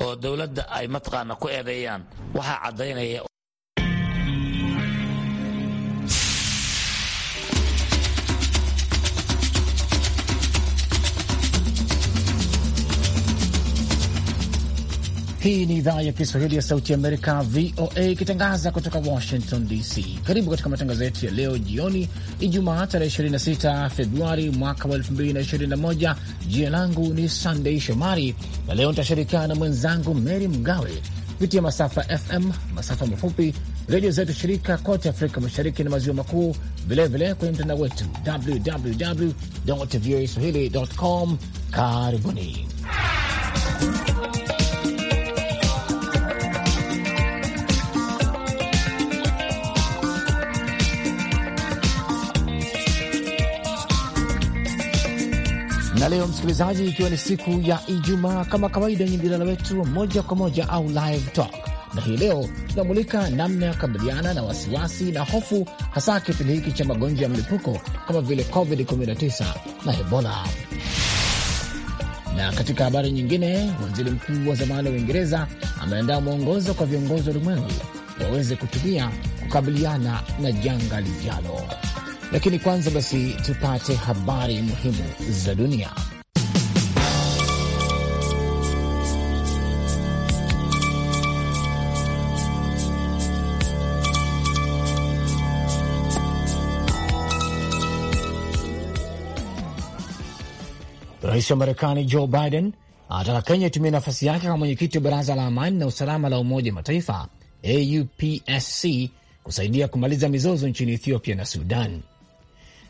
oo dowladda ay mataqaana ku eedeeyaan waxaa caddaynaya Hii ni idhaa ya Kiswahili ya Sauti Amerika, VOA, ikitangaza kutoka Washington DC. Karibu katika matangazo yetu ya leo jioni, Ijumaa tarehe 26 Februari mwaka wa 2021. Jina langu ni Sandei Shomari na leo nitashirikiana na mwenzangu mary Mgawe kupitia masafa FM, masafa mafupi, redio zetu shirika kote Afrika Mashariki na Maziwa Makuu, vilevile kwenye mtandao wetu www voa swahili com. Karibuni. Na leo msikilizaji, ikiwa ni siku ya Ijumaa, kama kawaida, yenye mjadala wetu moja kwa moja au live talk, na hii leo tunamulika namna ya kukabiliana na wasiwasi na hofu, hasa kipindi hiki cha magonjwa ya mlipuko kama vile COVID-19 na Ebola. Na katika habari nyingine, waziri mkuu wa zamani wa Uingereza ameandaa mwongozo kwa viongozi wa ulimwengu waweze kutumia kukabiliana na janga lijalo lakini kwanza basi tupate habari muhimu za dunia. Rais wa Marekani Joe Biden anataka Kenya itumie nafasi yake kama mwenyekiti wa Baraza la Amani na Usalama la Umoja Mataifa AUPSC kusaidia kumaliza mizozo nchini Ethiopia na Sudan.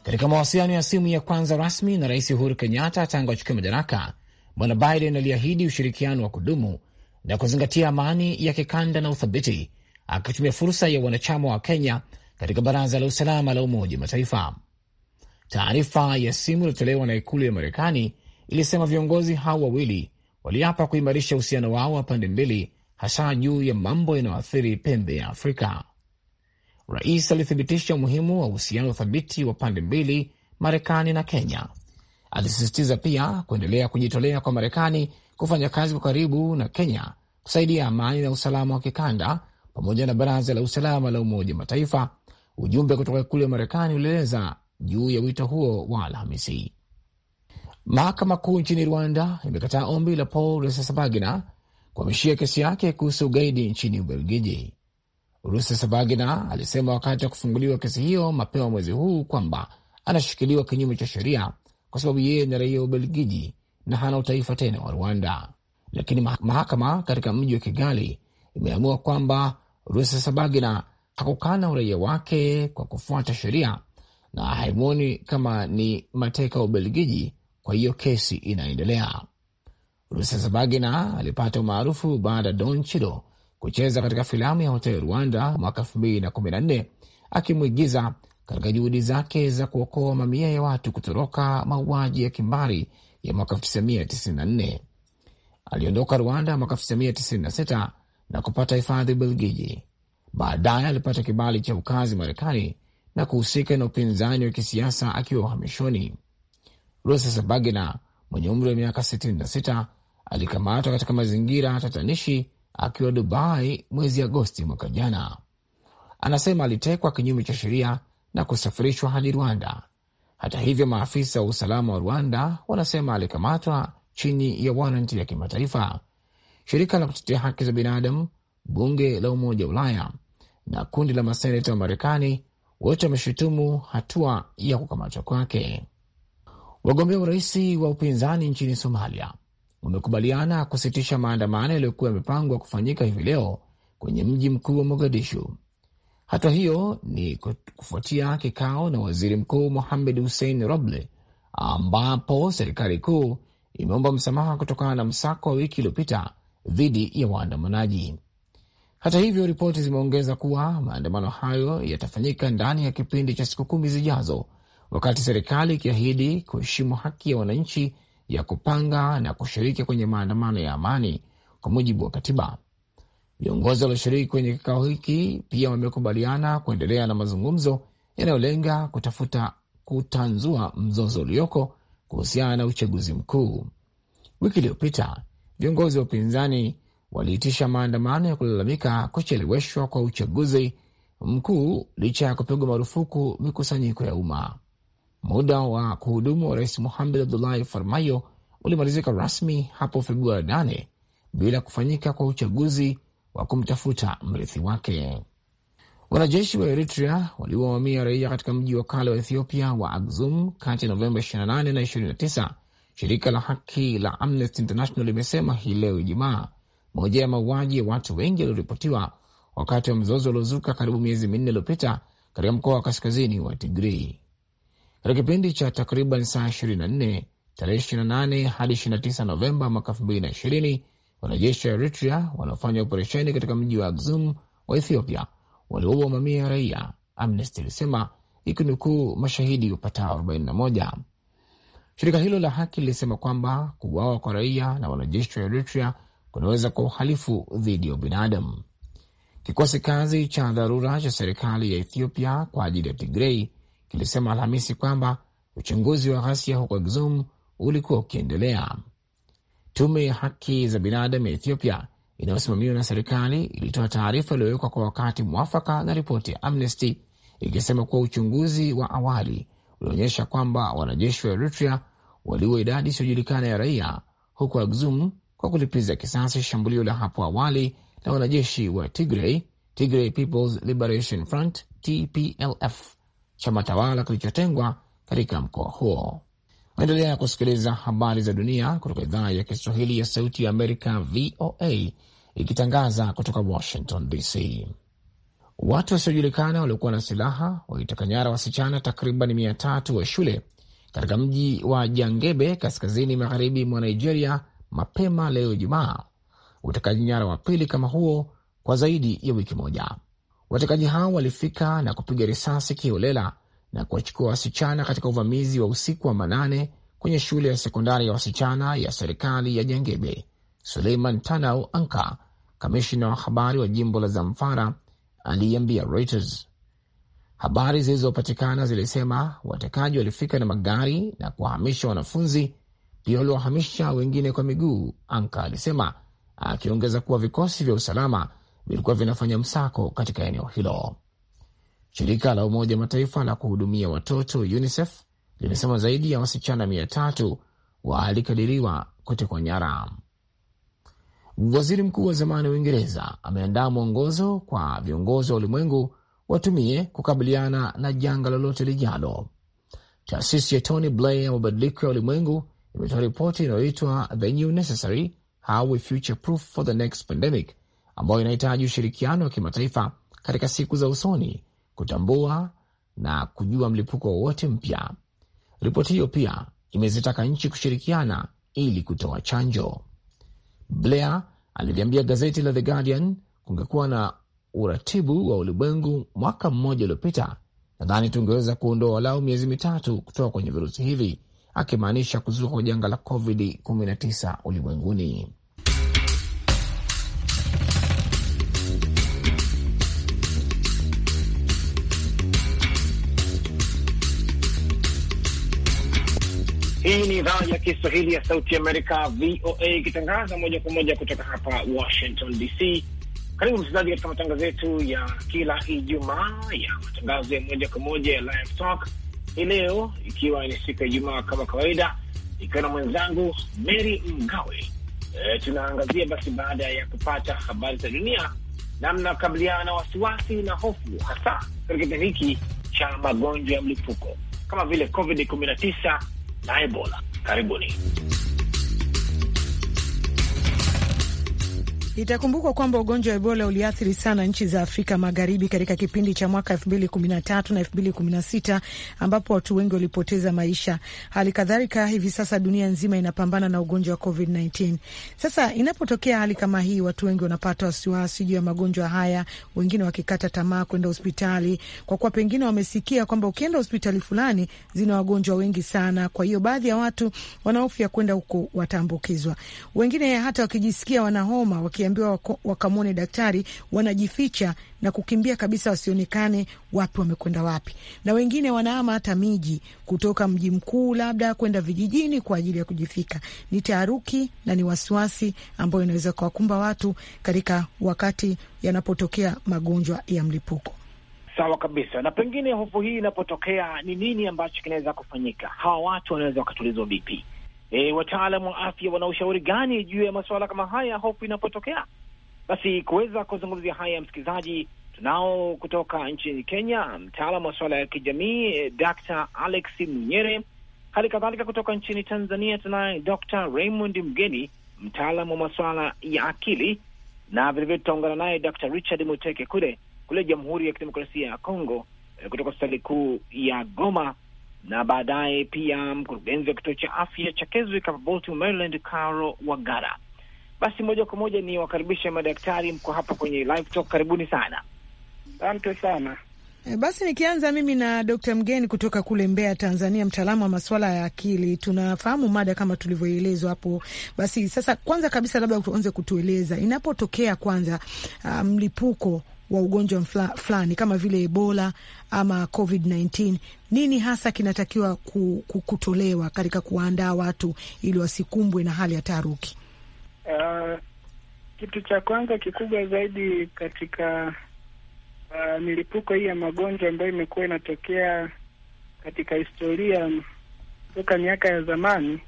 Katika mawasiliano ya simu ya kwanza rasmi na Rais Uhuru Kenyatta tangu achukue madaraka, Bwana Biden aliahidi ushirikiano wa kudumu na kuzingatia amani ya kikanda na uthabiti, akitumia fursa ya wanachama wa Kenya katika Baraza la Usalama la Umoja wa Mataifa. Taarifa ya simu iliyotolewa na Ikulu ya Marekani ilisema viongozi hao wawili waliapa kuimarisha uhusiano wao wa pande mbili, hasa juu ya mambo yanayoathiri pembe ya Afrika. Rais alithibitisha umuhimu wa uhusiano thabiti wa pande mbili, Marekani na Kenya. Alisisitiza pia kuendelea kujitolea kwa Marekani kufanya kazi kwa karibu na Kenya kusaidia amani na usalama wa kikanda pamoja na Baraza la Usalama la Umoja Mataifa. Ujumbe kutoka ya Marekani ulieleza juu ya wito huo wa Alhamisi. Mahakama Kuu nchini Rwanda imekataa ombi la Paul Rusesabagina kuhamishia kesi yake kuhusu ugaidi nchini Ubelgiji. Rusesabagina alisema wakati wa kufunguliwa kesi hiyo mapema mwezi huu kwamba anashikiliwa kinyume cha sheria kwa sababu yeye ni raia wa Ubelgiji na hana utaifa tena wa Rwanda. Lakini mahakama katika mji wa Kigali imeamua kwamba Rusesabagina hakukana uraia wake kwa kufuata sheria na haimwoni kama ni mateka wa Ubelgiji, kwa hiyo kesi inaendelea. Rusesabagina alipata umaarufu baada ya Don Chido kucheza katika filamu ya Hotel Rwanda mwaka 2014 akimwigiza katika juhudi zake za kuokoa mamia ya watu kutoroka mauaji ya kimbari ya mwaka 1994. Aliondoka Rwanda mwaka 1996 na kupata hifadhi belgiji Baadaye alipata kibali cha ukazi Marekani na kuhusika na upinzani wa kisiasa akiwa uhamishoni. Rusesabagina mwenye umri wa miaka 66 alikamatwa katika mazingira tatanishi akiwa Dubai mwezi Agosti mwaka jana. Anasema alitekwa kinyume cha sheria na kusafirishwa hadi Rwanda. Hata hivyo, maafisa wa usalama wa Rwanda wanasema alikamatwa chini ya waranti ya kimataifa. Shirika la kutetea haki za binadamu, bunge la Umoja wa Ulaya na kundi la maseneta wa Marekani wote wameshutumu hatua ya kukamatwa kwake. Wagombea urais wa upinzani nchini Somalia umekubaliana kusitisha maandamano yaliyokuwa yamepangwa kufanyika hivi leo kwenye mji mkuu wa Mogadishu. Hatua hiyo ni kufuatia kikao na waziri mkuu Mohamed Hussein Roble, ambapo serikali kuu imeomba msamaha kutokana na msako wa wiki iliyopita dhidi ya waandamanaji. Hata hivyo, ripoti zimeongeza kuwa maandamano hayo yatafanyika ndani ya kipindi cha siku kumi zijazo, wakati serikali ikiahidi kuheshimu haki ya wananchi ya kupanga na kushiriki kwenye maandamano ya amani kwa mujibu wa katiba. Viongozi walioshiriki kwenye kikao hiki pia wamekubaliana kuendelea na mazungumzo yanayolenga kutafuta kutanzua mzozo ulioko kuhusiana na uchaguzi mkuu. Wiki iliyopita viongozi wa upinzani waliitisha maandamano ya kulalamika kucheleweshwa kwa uchaguzi mkuu licha ya kupigwa marufuku mikusanyiko ya umma. Muda wa kuhudumu wa rais muhamed Abdullahi Farmayo ulimalizika rasmi hapo Februari nane bila kufanyika kwa uchaguzi wa kumtafuta mrithi wake. Wanajeshi wa Eritrea waliowamia raia katika mji wa kale wa Ethiopia wa azum kati ya Novemba 28 na 29, shirika la haki la Amnesty International limesema hii leo Ijumaa, moja ya mauaji ya watu wengi walioripotiwa wakati wa mzozo uliozuka karibu miezi minne iliyopita katika mkoa wa kaskazini wa Tigrei katika kipindi cha takriban saa 24 tarehe 28 hadi 29 Novemba mwaka 2020. Wanajeshi wa Eritrea wanaofanya operesheni katika mji wa Axum wa Ethiopia waliwaua mamia ya raia, Amnesty ilisema ikinukuu mashahidi upatao 41. Shirika hilo la haki lilisema kwamba kuuawa kwa raia na wanajeshi wa Eritrea kunaweza kwa uhalifu dhidi ya ubinadamu. Kikosi kazi cha dharura cha serikali ya Ethiopia kwa ajili ya Tigrei kilisema Alhamisi kwamba uchunguzi wa ghasia huko Axum ulikuwa ukiendelea. Tume ya haki za binadamu ya Ethiopia inayosimamiwa na serikali ilitoa taarifa iliyowekwa kwa wakati mwafaka na ripoti ya Amnesty ikisema kuwa uchunguzi wa awali ulionyesha kwamba wanajeshi wa Eritrea waliua idadi isiyojulikana ya raia huko Axum kwa kulipiza kisasi shambulio la hapo awali la wanajeshi wa Tigray, Tigray People's Liberation Front TPLF chama tawala kilichotengwa katika mkoa huo. Naendelea kusikiliza habari za dunia kutoka idhaa ya Kiswahili ya Sauti ya Amerika, VOA, ikitangaza kutoka Washington DC. Watu wasiojulikana waliokuwa na silaha waliteka nyara wasichana takriban mia tatu wa shule katika mji wa Jangebe, kaskazini magharibi mwa Nigeria, mapema leo Ijumaa, utekaji nyara wa pili kama huo kwa zaidi ya wiki moja. Watekaji hao walifika na kupiga risasi kiholela na kuwachukua wasichana katika uvamizi wa usiku wa manane kwenye shule ya sekondari ya wasichana ya serikali ya jengebe Suleiman Tanau Anka, kamishina wa habari wa jimbo la Zamfara, aliyeambia Reuters. Habari zilizopatikana zilisema watekaji walifika na magari na kuwahamisha wanafunzi, pia waliwahamisha wengine kwa miguu, Anka alisema, akiongeza kuwa vikosi vya usalama vilikuwa vinafanya msako katika eneo hilo. Shirika la Umoja Mataifa la kuhudumia watoto UNICEF limesema zaidi ya wasichana mia tatu walikadiriwa kutekwa nyara. Waziri mkuu wa zamani wa Uingereza ameandaa mwongozo kwa viongozi wa ulimwengu watumie kukabiliana na janga lolote lijalo. Taasisi ya Tony Blair ya mabadiliko ya ulimwengu imetoa ripoti inayoitwa The New Necessary: How We Future Proof for the Next Pandemic ambayo inahitaji ushirikiano wa kimataifa katika siku za usoni kutambua na kujua mlipuko wowote mpya. Ripoti hiyo pia imezitaka nchi kushirikiana ili kutoa chanjo. Blair aliliambia gazeti la The Guardian kungekuwa na uratibu wa ulimwengu mwaka mmoja uliopita, nadhani tungeweza kuondoa walau miezi mitatu kutoka kwenye virusi hivi, akimaanisha kuzuka kwa janga la COVID-19 ulimwenguni. Hii ni idhaa ya Kiswahili ya Sauti Amerika, VOA, ikitangaza moja kwa moja kutoka hapa Washington DC. Karibu msikilizaji, katika matangazo yetu ya kila Ijumaa ya matangazo ya moja kwa moja ya Live Talk hii leo, ikiwa ni siku ya Ijumaa kama kawaida, ikiwa na mwenzangu Mary Mgawe. E, tunaangazia basi, baada ya kupata habari za dunia, namna kabiliana na wasiwasi na hofu, hasa katika kipindi hiki cha magonjwa ya mlipuko kama vile COVID-19 na Ebola. Karibuni. Itakumbukwa kwamba ugonjwa wa Ebola uliathiri sana nchi za Afrika Magharibi katika kipindi cha mwaka 2013 na 2016 ambapo watu wengi walipoteza maisha. Hali kadhalika, hivi sasa dunia nzima inapambana na ugonjwa wa COVID-19. Sasa inapotokea hali kama hii, watu wengi wanapata wasiwasi juu ya magonjwa haya, wengine wakikata tamaa kwenda hospitali, kwa kuwa pengine wamesikia kwamba ukienda hospitali fulani zina wagonjwa wengi sana. Kwa hiyo baadhi ya watu wanahofia kwenda huko wataambukizwa, wengine hata wakijisikia wanahoma wakia waliambiwa wakamwone daktari, wanajificha na kukimbia kabisa, wasionekane wapi wamekwenda wapi, na wengine wanaama hata miji kutoka mji mkuu labda kwenda vijijini kwa ajili ya kujifika. Ni taharuki na ni wasiwasi ambayo inaweza kuwakumba watu katika wakati yanapotokea magonjwa ya mlipuko. Sawa kabisa. Na pengine hofu hii inapotokea, ni nini ambacho kinaweza kufanyika? Hawa watu wanaweza wakatulizwa vipi? e, wataalamu wa afya wana ushauri gani juu ya masuala kama haya hofu inapotokea? Basi kuweza kuzungumzia haya, msikilizaji, tunao kutoka nchini Kenya mtaalamu wa masuala ya kijamii e, Dr. Alex Munyere. Hali kadhalika kutoka nchini Tanzania tunaye Dr. Raymond Mgeni, mtaalamu wa masuala ya akili, na vilevile tutaungana naye Dr. Richard Muteke kule kule Jamhuri ya Kidemokrasia ya Kongo, e, kutoka hospitali kuu ya Goma na baadaye pia mkurugenzi wa kituo cha afya cha Keswick hapa Baltimore, Maryland, Caro Wagara. Basi moja kwa moja ni wakaribishe madaktari, mko hapa kwenye live talk, karibuni sana. Asante sana. Eh, basi nikianza mimi na Dr. Mgeni kutoka kule Mbeya, Tanzania, mtaalamu wa masuala ya akili. Tunafahamu mada kama tulivyoelezwa hapo. Basi sasa, kwanza kabisa, labda uanze kutueleza inapotokea kwanza ah, mlipuko wa ugonjwa fulani kama vile Ebola ama COVID-19, nini hasa kinatakiwa kutolewa katika kuwaandaa watu ili wasikumbwe na hali ya taharuki? Uh, kitu cha kwanza kikubwa zaidi katika uh, milipuko hii ya magonjwa ambayo imekuwa inatokea katika historia toka miaka ya zamani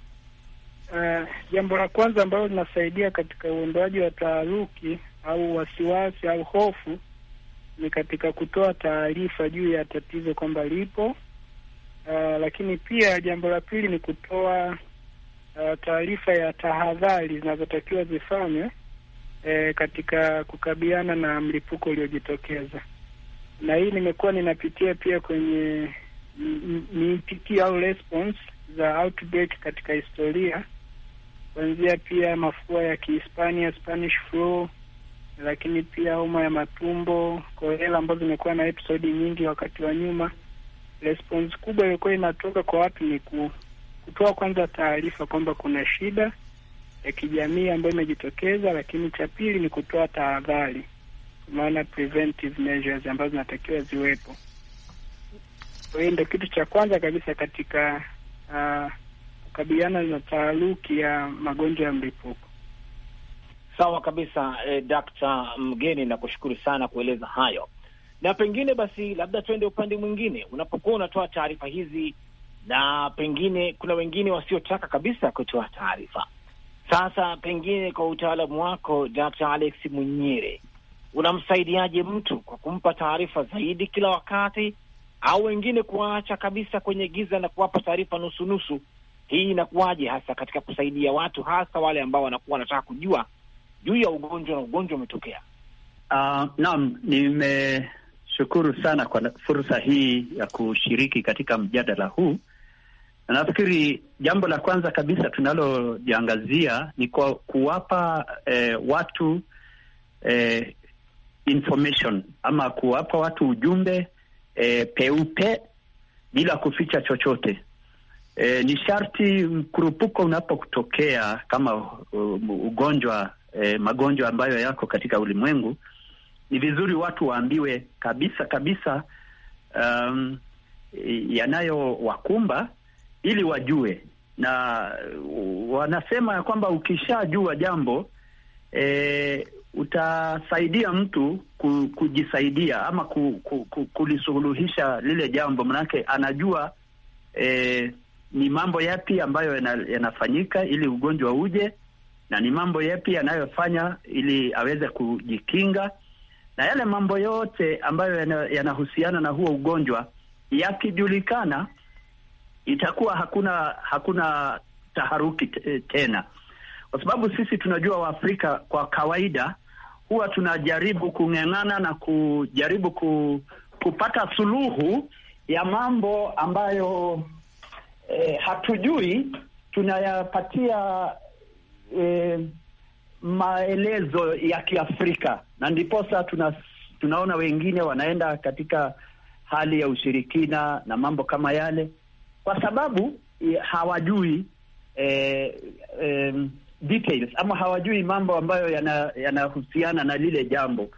uh, jambo la kwanza ambalo linasaidia katika uondoaji wa taharuki au wasiwasi au hofu ni katika kutoa taarifa juu ya tatizo kwamba lipo, uh, lakini pia jambo la pili ni kutoa uh, taarifa ya tahadhari zinazotakiwa zifanywe eh, katika kukabiliana na mlipuko uliojitokeza. Na hii nimekuwa ninapitia pia kwenye miitikio au response za outbreak katika historia, kuanzia pia mafua ya Kihispania, Spanish flu lakini pia homa ya matumbo, kolera ambazo imekuwa na episodi nyingi wakati wa nyuma. Response kubwa ilikuwa inatoka kwa watu ni kutoa kwanza taarifa kwamba kuna shida ya kijamii ambayo imejitokeza, lakini cha pili ni kutoa tahadhari, maana preventive measures ambazo zinatakiwa ziwepo. Kwa hiyo ndo kitu cha kwanza kabisa katika ah, kukabiliana na taharuki ya magonjwa ya mlipuko. Sawa kabisa eh, Dakta Mgeni, nakushukuru sana kueleza hayo, na pengine basi labda tuende upande mwingine. Unapokuwa unatoa taarifa hizi, na pengine kuna wengine wasiotaka kabisa kutoa taarifa, sasa pengine kwa utaalamu wako Dakta Alex Munyere, unamsaidiaje mtu kwa kumpa taarifa zaidi kila wakati, au wengine kuwaacha kabisa kwenye giza na kuwapa taarifa nusunusu? Hii inakuwaje hasa katika kusaidia watu, hasa wale ambao wanakuwa wanataka kujua juu ya ugonjwa na ugonjwa umetokea. Uh, naam, nimeshukuru sana kwa fursa hii ya kushiriki katika mjadala huu, na nafikiri jambo la kwanza kabisa tunaloliangazia ni kwa kuwapa eh, watu eh, information ama kuwapa watu ujumbe eh, peupe bila kuficha chochote. Eh, ni sharti mkurupuko unapotokea kama um, ugonjwa eh, magonjwa ambayo yako katika ulimwengu, ni vizuri watu waambiwe kabisa kabisa um, yanayowakumba ili wajue, na uh, wanasema ya kwamba ukishajua jambo e, utasaidia mtu ku, kujisaidia ama ku, ku, ku, kulisuluhisha lile jambo, manake anajua e, ni mambo yapi ambayo yanafanyika ili ugonjwa uje na ni mambo yapi yanayofanya ili aweze kujikinga na yale mambo yote ambayo yanahusiana na huo ugonjwa. Yakijulikana itakuwa hakuna hakuna taharuki tena, kwa sababu sisi tunajua Waafrika kwa kawaida huwa tunajaribu kung'ang'ana na kujaribu ku, kupata suluhu ya mambo ambayo eh, hatujui tunayapatia eh, maelezo ya Kiafrika, na ndiposa tuna, tunaona wengine wanaenda katika hali ya ushirikina na mambo kama yale, kwa sababu eh, hawajui eh, eh, details ama hawajui mambo ambayo yanahusiana yana na lile jambo,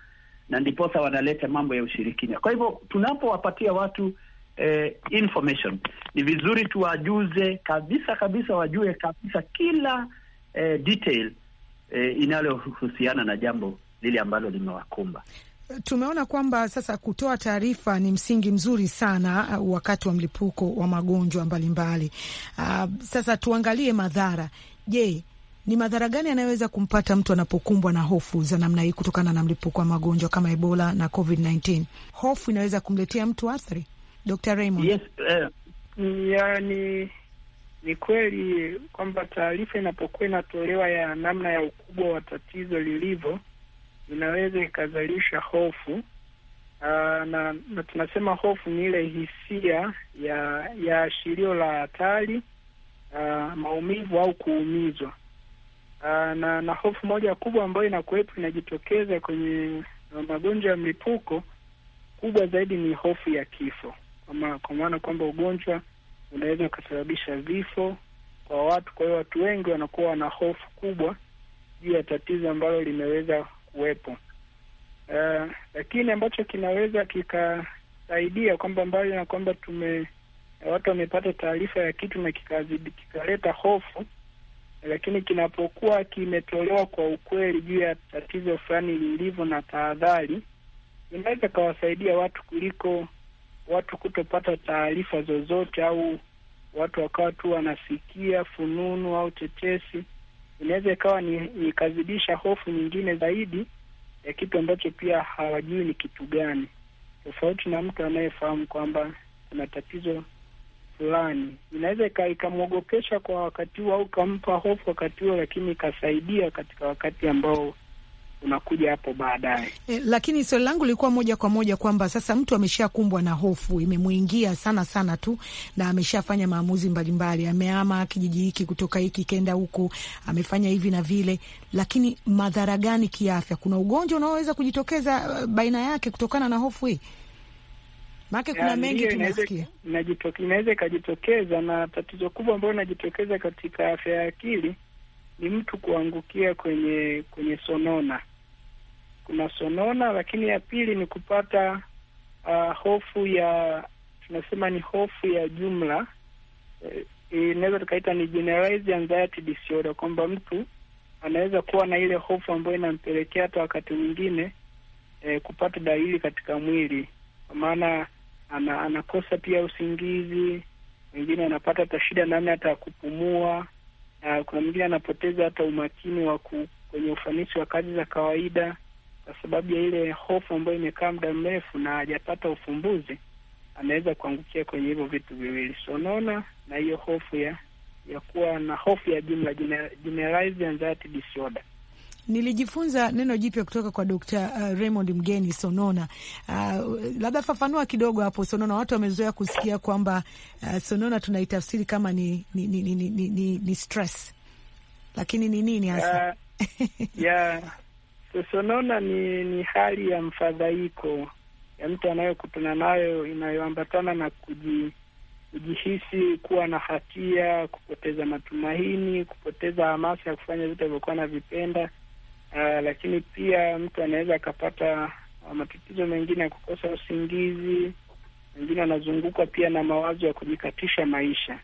na ndiposa wanaleta mambo ya ushirikina. Kwa hivyo tunapowapatia watu eh, information, ni vizuri tuwajuze kabisa kabisa, wajue kabisa kila eh, detail eh, inalohusiana na jambo lile ambalo limewakumba. Tumeona kwamba sasa kutoa taarifa ni msingi mzuri sana uh, wakati wa mlipuko wa magonjwa mbalimbali. Uh, sasa tuangalie madhara. Je, ni madhara gani yanayoweza kumpata mtu anapokumbwa na hofu za namna hii kutokana na mlipuko wa magonjwa kama Ebola na COVID-19? Hofu inaweza kumletea mtu athari, Dr. Raymond? Yes, uh, yani ni kweli kwamba taarifa inapokuwa inatolewa ya namna ya ukubwa wa tatizo lilivyo, inaweza ikazalisha hofu aa, ah, na, na tunasema hofu ni ile hisia ya ya ashirio la hatari, ah, maumivu au kuumizwa ah, na, na hofu moja kubwa ambayo inakuwepo inajitokeza kwenye magonjwa ya mlipuko kubwa zaidi ni hofu ya kifo, kwa maana kwamba ugonjwa unaweza ukasababisha vifo kwa watu. Kwa hiyo watu wengi wanakuwa wana hofu kubwa juu ya tatizo ambalo limeweza kuwepo, uh, lakini ambacho kinaweza kikasaidia kwamba mbali na kwamba tume watu wamepata taarifa ya kitu na kikazidi kikaleta hofu, lakini kinapokuwa kimetolewa kwa ukweli juu ya tatizo fulani lilivyo na tahadhari, inaweza kawasaidia watu kuliko watu kutopata taarifa zozote au watu wakawa tu wanasikia fununu au tetesi, inaweza ikawa ni ikazidisha hofu nyingine zaidi ya kitu ambacho pia hawajui ni kitu gani, tofauti na mtu anayefahamu kwamba kuna tatizo fulani. Inaweza ikamwogopesha kwa wakati huo au ikampa hofu wakati huo, lakini ikasaidia katika wakati ambao unakuja hapo baadaye. E, lakini swali langu lilikuwa moja kwa moja kwamba sasa mtu ameshakumbwa na hofu imemwingia sana sana tu na ameshafanya maamuzi mbalimbali, ameama kijiji hiki kutoka hiki kenda huku, amefanya hivi na vile, lakini madhara gani kiafya? Kuna ugonjwa unaoweza kujitokeza eh, baina yake kutokana na hofu hii? kuna mengi tunasikia, inaweza ikajitokeza, na tatizo kubwa ambayo inajitokeza katika afya ya akili ni mtu kuangukia kwenye kwenye sonona kuna sonona, lakini ya pili ni kupata uh, hofu ya tunasema ni hofu ya jumla e, eh, inaweza eh, tukaita ni generalized anxiety disorder, kwamba mtu anaweza kuwa na ile hofu ambayo inampelekea hata wakati mwingine e, kupata dalili katika mwili, kwa maana ana, anakosa pia usingizi, wengine anapata hata shida namna hata ya kupumua. na kuna mwingine anapoteza hata umakini wa kwenye ufanisi wa kazi za kawaida kwa sababu ya ile hofu ambayo imekaa muda mrefu na hajapata ufumbuzi, anaweza kuangukia kwenye hivyo vitu viwili. So unaona, na hiyo hofu ya ya kuwa na hofu ya jumla, generalized anxiety disorder. Nilijifunza neno jipya kutoka kwa Dkt. uh, Raymond Mgeni Sonona. Uh, labda fafanua kidogo hapo Sonona. Watu wamezoea kusikia kwamba uh, Sonona tunaitafsiri kama ni ni, ni, ni, ni, ni stress, lakini ni nini hasa? uh, yeah naona ni ni hali ya mfadhaiko ya mtu anayokutana nayo inayoambatana na kuji, kujihisi kuwa na hatia, kupoteza matumaini, kupoteza hamasa ya kufanya vitu alivyokuwa anavipenda. Uh, lakini pia mtu anaweza akapata uh, matatizo mengine ya kukosa usingizi. Wengine wanazungukwa pia na mawazo ya kujikatisha maisha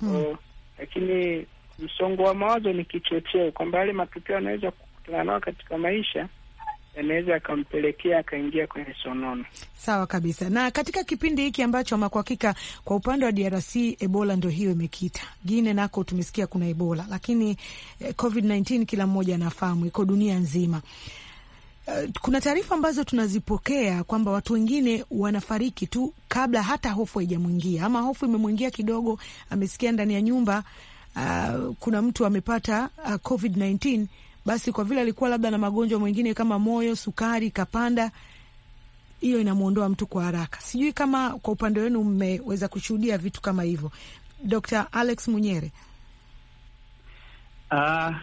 mm. So, lakini msongo wa mawazo ni kichocheo kwamba yale matokeo yanaweza tunakutana nao katika maisha yanaweza akampelekea akaingia kwenye sonono. Sawa kabisa. Na katika kipindi hiki ambacho ama kwa hakika kwa upande wa DRC Ebola ndo hiyo imekita Gine, nako tumesikia kuna Ebola, lakini eh, COVID-19 kila mmoja anafahamu iko dunia nzima. Uh, kuna taarifa ambazo tunazipokea kwamba watu wengine wanafariki tu kabla hata hofu haijamwingia, ama hofu imemwingia kidogo, amesikia ndani ya nyumba uh, kuna mtu amepata uh, ah, COVID-19 basi kwa vile alikuwa labda na magonjwa mwengine kama moyo, sukari kapanda, hiyo inamwondoa mtu kwa haraka. Sijui kama kwa upande wenu mmeweza kushuhudia vitu kama hivyo, Dr. Alex Munyere. Uh,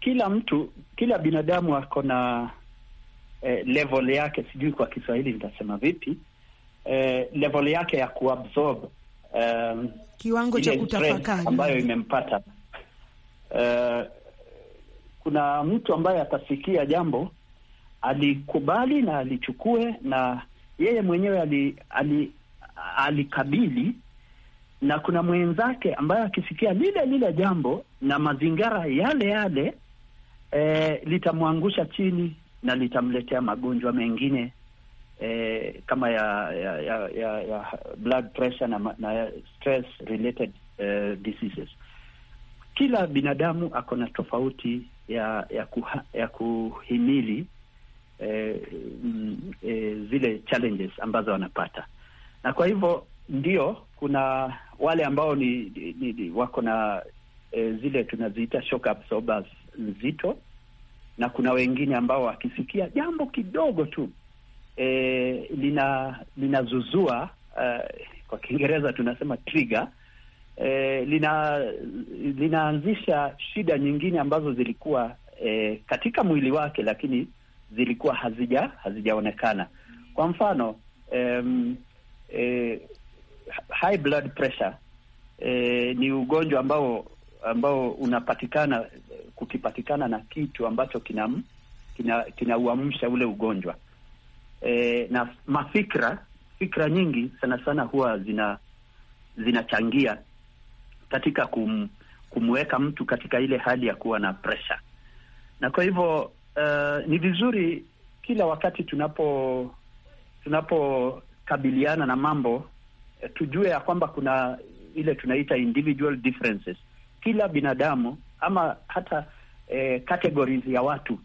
kila mtu, kila binadamu ako na eh, level yake, sijui kwa Kiswahili nitasema vipi, eh, level yake ya kuabsorb um, kiwango cha kutafakari ambayo imempata uh, kuna mtu ambaye atasikia jambo alikubali na alichukue, na yeye mwenyewe ali, ali, alikabili, na kuna mwenzake ambaye akisikia lile lile jambo na mazingira yale yale e, litamwangusha chini na litamletea magonjwa mengine e, kama ya, ya, ya, ya, ya blood pressure na, na stress related uh, diseases. Kila binadamu ako na tofauti ya ya, kuha, ya kuhimili eh, mm, eh, zile challenges ambazo wanapata, na kwa hivyo ndio kuna wale ambao ni, ni, ni wako na eh, zile tunaziita shock absorbers nzito, na kuna wengine ambao wakisikia jambo kidogo tu eh, linazuzua lina uh, eh, kwa Kiingereza tunasema trigger eh, lina, linaanzisha shida nyingine ambazo zilikuwa eh, katika mwili wake, lakini zilikuwa hazija hazijaonekana. Kwa mfano um, eh, high blood pressure eh, ni ugonjwa ambao ambao unapatikana kukipatikana na kitu ambacho kinauamsha kina ule ugonjwa eh, na mafikra fikra nyingi sana sana huwa zina zinachangia katika kum, kumweka mtu katika ile hali ya kuwa na presha, na kwa hivyo uh, ni vizuri kila wakati tunapo tunapokabiliana na mambo eh, tujue ya kwamba kuna ile tunaita individual differences. Kila binadamu ama hata eh, categories ya watu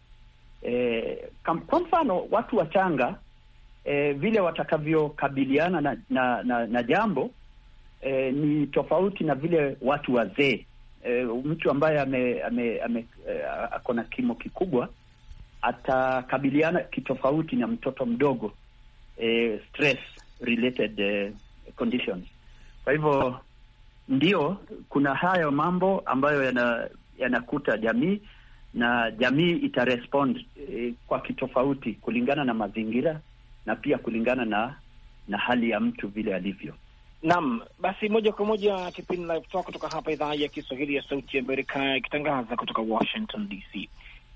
eh, kwa mfano watu wachanga eh, vile watakavyokabiliana na, na, na, na jambo e, ni tofauti na vile watu wazee e, mtu ambaye ame, ame, ame, e, ako na kimo kikubwa atakabiliana kitofauti na mtoto mdogo e, stress related conditions. Kwa hivyo ndio kuna hayo mambo ambayo yana, yanakuta jamii na jamii itarespond e, kwa kitofauti kulingana na mazingira na pia kulingana na na hali ya mtu vile alivyo. Naam, basi moja kwa moja kipindi Live Talk kutoka hapa idhaa ya Kiswahili ya Sauti ya Amerika ikitangaza kutoka Washington DC.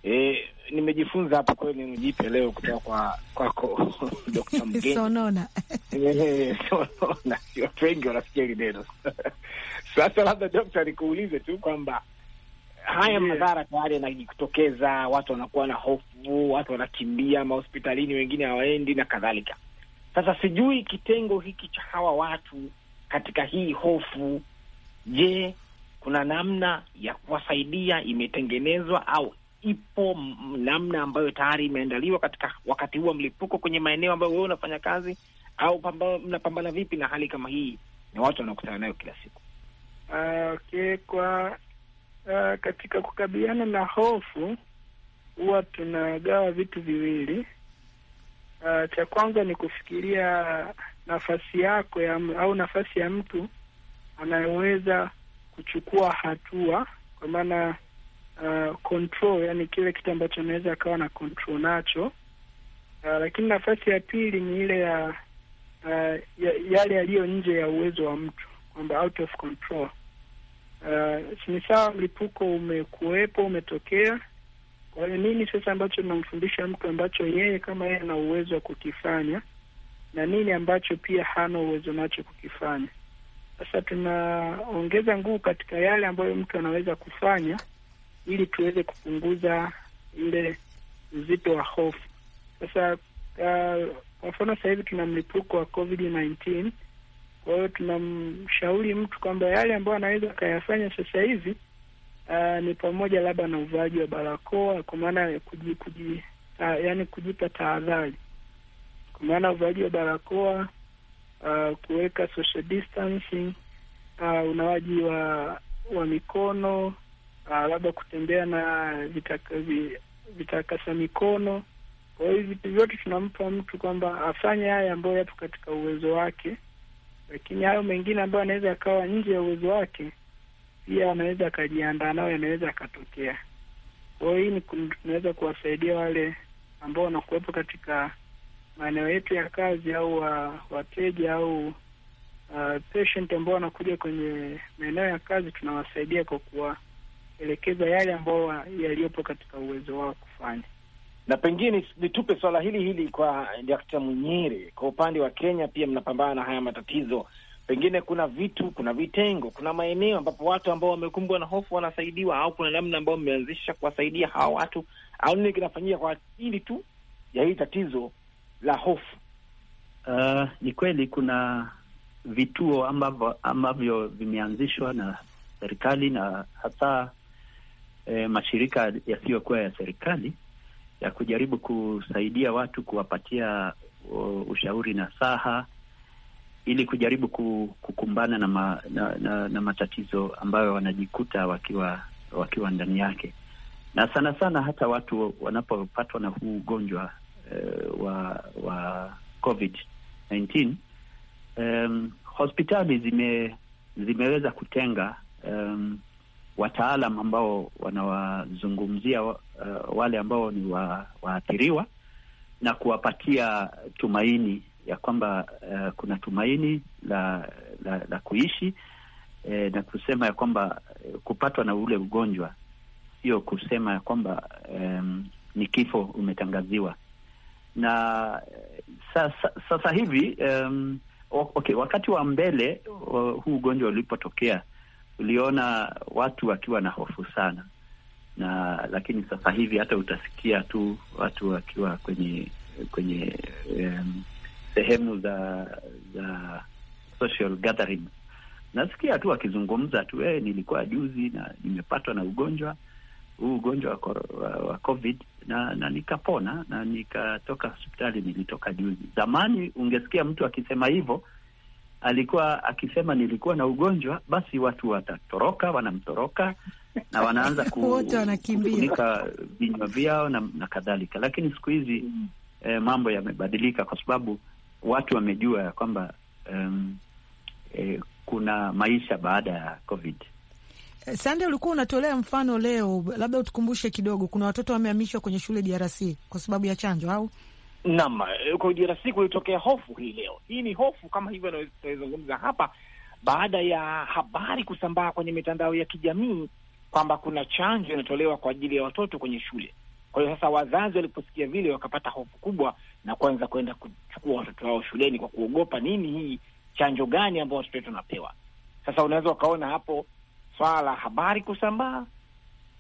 E, nimejifunza hapo kweli neno jipya leo kutoka kwa kwako Dr. Mgeni. Sonona. E, sonona. Watu wengi wanasikia hili neno. Sasa labda Dr. nikuulize tu kwamba haya madhara tayari yanajitokeza, watu wanakuwa na hofu, watu wanakimbia mahospitalini, wengine hawaendi na kadhalika. Sasa sijui kitengo hiki cha hawa watu katika hii hofu, je, kuna namna ya kuwasaidia imetengenezwa au ipo namna ambayo tayari imeandaliwa katika wakati huu wa mlipuko kwenye maeneo ambayo wewe unafanya kazi au mnapambana vipi na hali kama hii na watu wanaokutana nayo kila siku? Uh, okay, kwa uh, katika kukabiliana na hofu huwa tunagawa vitu viwili. Uh, cha kwanza ni kufikiria nafasi yako ya, au nafasi ya mtu anayeweza kuchukua hatua kwa maana uh, control, yani kile kitu ambacho anaweza akawa na control nacho. Uh, lakini nafasi ya pili ni ile ya uh, yale yaliyo nje ya uwezo wa mtu kwamba out of control. Uh, ni sawa, mlipuko umekuwepo, umetokea kwa hiyo nini sasa ambacho namfundisha mtu ambacho yeye kama yeye ana uwezo wa kukifanya na nini ambacho pia hana uwezo nacho kukifanya. Sasa tunaongeza nguvu katika yale ambayo mtu anaweza kufanya ili tuweze kupunguza ile uzito wa hofu. Sasa uh, kwa mfano sasa hivi tuna mlipuko wa COVID 19 kwa hiyo tunamshauri mtu kwamba yale ambayo anaweza akayafanya sasa hivi uh, ni pamoja labda na uvaaji wa barakoa kwa maana ya kuji, kuji, uh, ah, yani kujipa tahadhari kwa maana uvaaji wa barakoa uh, kuweka social distancing uh, unawaji wa wa mikono uh, labda kutembea na vitaka, vitakasa mikono. Kwa hiyo vitu vyote tunampa mtu kwamba afanye haya ambayo yapo katika uwezo wake, lakini hayo mengine ambayo anaweza akawa nje ya uwezo wake pia anaweza akajiandaa nayo, anaweza akatokea. Kwa hiyo hii tunaweza kuwasaidia wale ambao wanakuwepo katika maeneo yetu ya kazi au wateja au uh, patient ambao wanakuja kwenye maeneo ya kazi, tunawasaidia kwa kuwaelekeza yale ambao yaliyopo katika uwezo wao kufanya. Na pengine nitupe swala hili hili kwa Dakta Mwinyere, kwa upande wa Kenya pia mnapambana na haya matatizo pengine kuna vitu, kuna vitengo, kuna maeneo ambapo watu ambao wamekumbwa na hofu wanasaidiwa, au kuna namna ambayo mmeanzisha kuwasaidia hawa watu, au nini kinafanyika kwa ajili tu ya hili tatizo la hofu? Uh, ni kweli kuna vituo ambavyo, ambavyo vimeanzishwa na serikali na hasa eh, mashirika yasiyokuwa ya serikali ya kujaribu kusaidia watu kuwapatia uh, ushauri na saha ili kujaribu kukumbana na, ma, na, na, na matatizo ambayo wanajikuta wakiwa wakiwa ndani yake, na sana sana hata watu wanapopatwa na huu ugonjwa uh, wa wa COVID 19 um, hospitali zime, zimeweza kutenga um, wataalam ambao wanawazungumzia uh, wale ambao ni waathiriwa na kuwapatia tumaini ya kwamba uh, kuna tumaini la la, la kuishi eh, na kusema ya kwamba eh, kupatwa na ule ugonjwa sio kusema ya kwamba um, ni kifo umetangaziwa. Na sasa, eh, sasa hivi um, okay, wakati wa mbele uh, huu ugonjwa ulipotokea uliona watu wakiwa na hofu sana na lakini sasa hivi hata utasikia tu watu wakiwa kwenye kwenye um, sehemu za za social gathering. Nasikia tu akizungumza tu, eh, nilikuwa juzi na nimepatwa na ugonjwa huu ugonjwa wa, wa COVID na, na nikapona na nikatoka hospitali, nilitoka juzi. Zamani ungesikia mtu akisema hivyo, alikuwa akisema nilikuwa na ugonjwa, basi watu watatoroka, wanamtoroka na wanaanza kufunika vinywa vyao na, na kadhalika, lakini siku hizi mm, eh, mambo yamebadilika kwa sababu watu wamejua ya kwamba um, e, kuna maisha baada ya COVID. Eh, Sande, ulikuwa unatolea mfano leo, labda utukumbushe kidogo. Kuna watoto wamehamishwa kwenye shule DRC kwa sababu ya chanjo au nam eh, kwa DRC kulitokea hofu hii leo. Hii ni hofu kama hivyo inayozungumza hapa, baada ya habari kusambaa kwenye mitandao ya kijamii kwamba kuna chanjo inatolewa kwa ajili ya watoto kwenye shule. Kwa hiyo sasa, wazazi waliposikia vile, wakapata hofu kubwa, na kwanza kwenda kuchukua watoto wao shuleni kwa kuogopa nini, hii chanjo gani ambayo watoto wetu wanapewa. Sasa unaweza ukaona hapo swala la habari kusambaa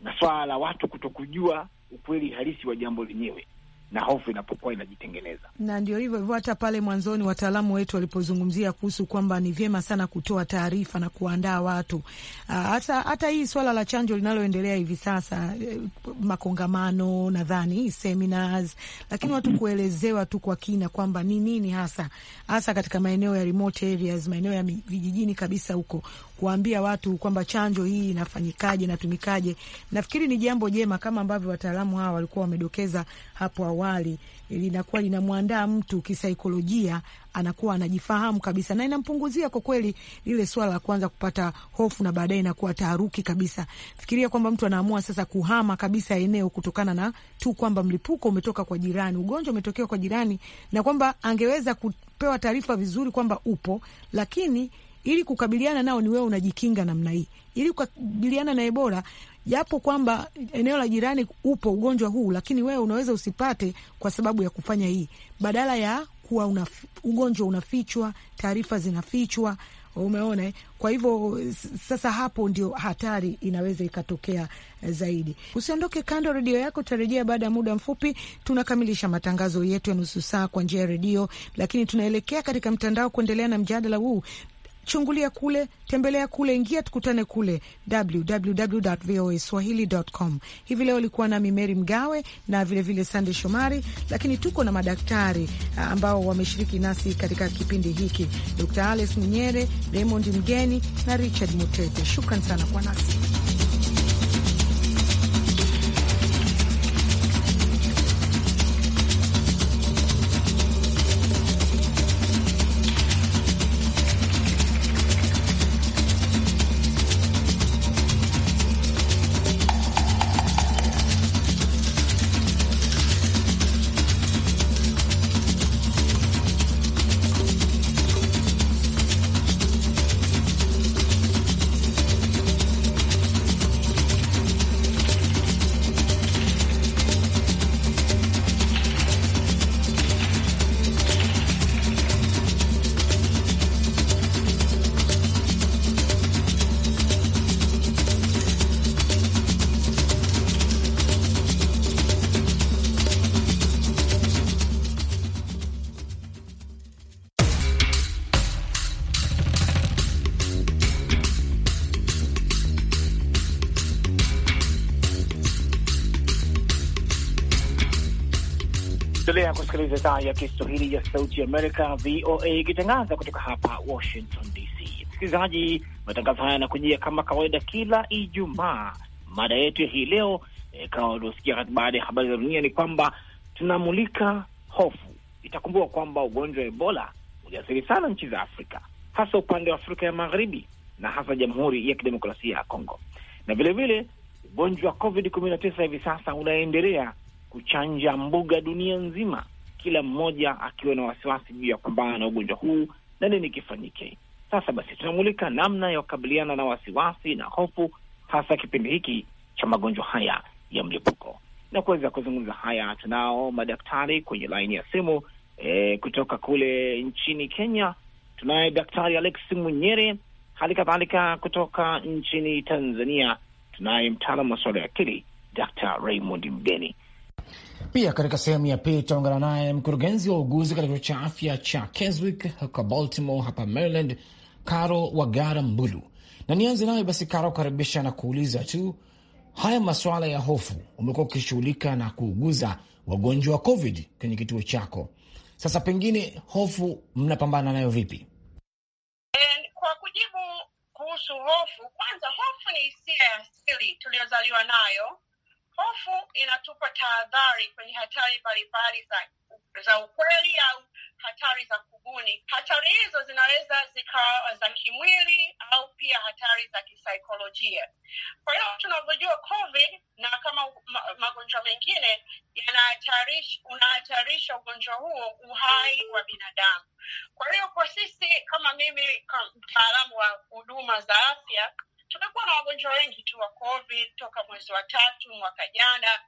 na swala la watu kutokujua ukweli halisi wa jambo lenyewe na hofu inapokuwa inajitengeneza. Na ndio hivyo hivyo, hata pale mwanzoni wataalamu wetu walipozungumzia kuhusu kwamba ni vyema sana kutoa taarifa na kuandaa watu, ah, hata hata hii swala la chanjo linaloendelea hivi sasa, eh, makongamano nadhani seminars, lakini watu kuelezewa tu kwa kina kwamba ni nini hasa hasa katika maeneo ya remote areas, maeneo ya vijijini kabisa huko kuambia watu kwamba chanjo hii inafanyikaje, inatumikaje. Nafikiri ni jambo jema kama ambavyo wataalamu hawa walikuwa wamedokeza hapo awali, linakuwa linamwandaa mtu kisaikolojia, anakuwa anajifahamu kabisa, na inampunguzia kwa kweli lile swala la kuanza kupata hofu na baadaye inakuwa taharuki kabisa. Fikiria kwamba mtu anaamua sasa kuhama kabisa eneo kutokana na tu kwamba mlipuko umetoka kwa jirani, ugonjwa umetokea kwa jirani, na kwamba angeweza kupewa taarifa vizuri kwamba upo, lakini ili kukabiliana nao ni wewe unajikinga namna hii, ili kukabiliana na Ebola japo kwamba eneo la jirani upo ugonjwa huu, lakini wewe unaweza usipate kwa sababu ya kufanya hii, badala ya kuwa una ugonjwa unafichwa, taarifa zinafichwa. Umeona, eh? kwa hivyo sasa hapo ndio hatari inaweza ikatokea eh, zaidi. Usiondoke kando, redio yako utarejea baada ya muda mfupi. Tunakamilisha matangazo yetu ya nusu saa kwa njia ya redio, lakini tunaelekea katika mtandao kuendelea na mjadala huu, chungulia kule, tembelea kule, ingia, tukutane kule www.voaswahili.com. Hivi leo likuwa nami Meri Mgawe na vilevile Sande Shomari, lakini tuko na madaktari ah, ambao wameshiriki nasi katika kipindi hiki, Dr Ales Mnyere, Raymond Mgeni na Richard Mutete. Shukran sana kwa nasi. Naendelea kusikiliza idhaa ya Kiswahili ya Sauti ya Amerika, VOA, ikitangaza kutoka hapa Washington DC. Msikilizaji, matangazo haya yanakujia kama kawaida kila Ijumaa. Mada yetu ya hii leo e, kama baada ya habari za dunia ni kwamba tunamulika hofu. Itakumbuka kwamba ugonjwa wa Ebola uliathiri sana nchi za Afrika, hasa upande wa Afrika ya Magharibi na hasa Jamhuri ya Kidemokrasia ya Kongo, na vilevile ugonjwa wa COVID 19 hivi sasa unaendelea kuchanja mbuga dunia nzima, kila mmoja akiwa na wasiwasi juu ya kupambana na ugonjwa huu na nini kifanyike. Sasa basi, tunamulika namna ya kukabiliana na wasiwasi na hofu, hasa kipindi hiki cha magonjwa haya ya mlipuko. Na kuweza kuzungumza haya, tunao madaktari kwenye laini ya simu e, kutoka kule nchini Kenya tunaye Daktari Alex Munyere, hali kadhalika kutoka nchini Tanzania tunaye mtaalamu wa masuala ya akili Dr Raymond Mgeni. Pia katika sehemu ya pili tutaungana naye mkurugenzi wa uguzi katika kituo cha afya cha Keswick huko Baltimore hapa Maryland, Karo Wagara Mbulu. Na nianze nayo basi, Karo, kukaribisha na kuuliza tu haya masuala ya hofu. Umekuwa ukishughulika na kuuguza wagonjwa wa COVID kwenye kituo chako, sasa pengine hofu mnapambana nayo vipi? Eh, kuhusu hofu, kwanza, hofu ni hisia ya asili tuliyozaliwa nayo Hofu inatupa tahadhari kwenye hatari mbalimbali za, za ukweli au hatari za kubuni. Hatari hizo zinaweza zikawa za kimwili au pia hatari za kisaikolojia. Kwa hiyo tunavyojua COVID na kama magonjwa mengine unahatarisha ugonjwa huo uhai wa binadamu. Kwa hiyo kwa sisi kama mimi mtaalamu wa huduma za afya tumekuwa na wagonjwa wengi tu wa COVID toka mwezi wa tatu mwaka jana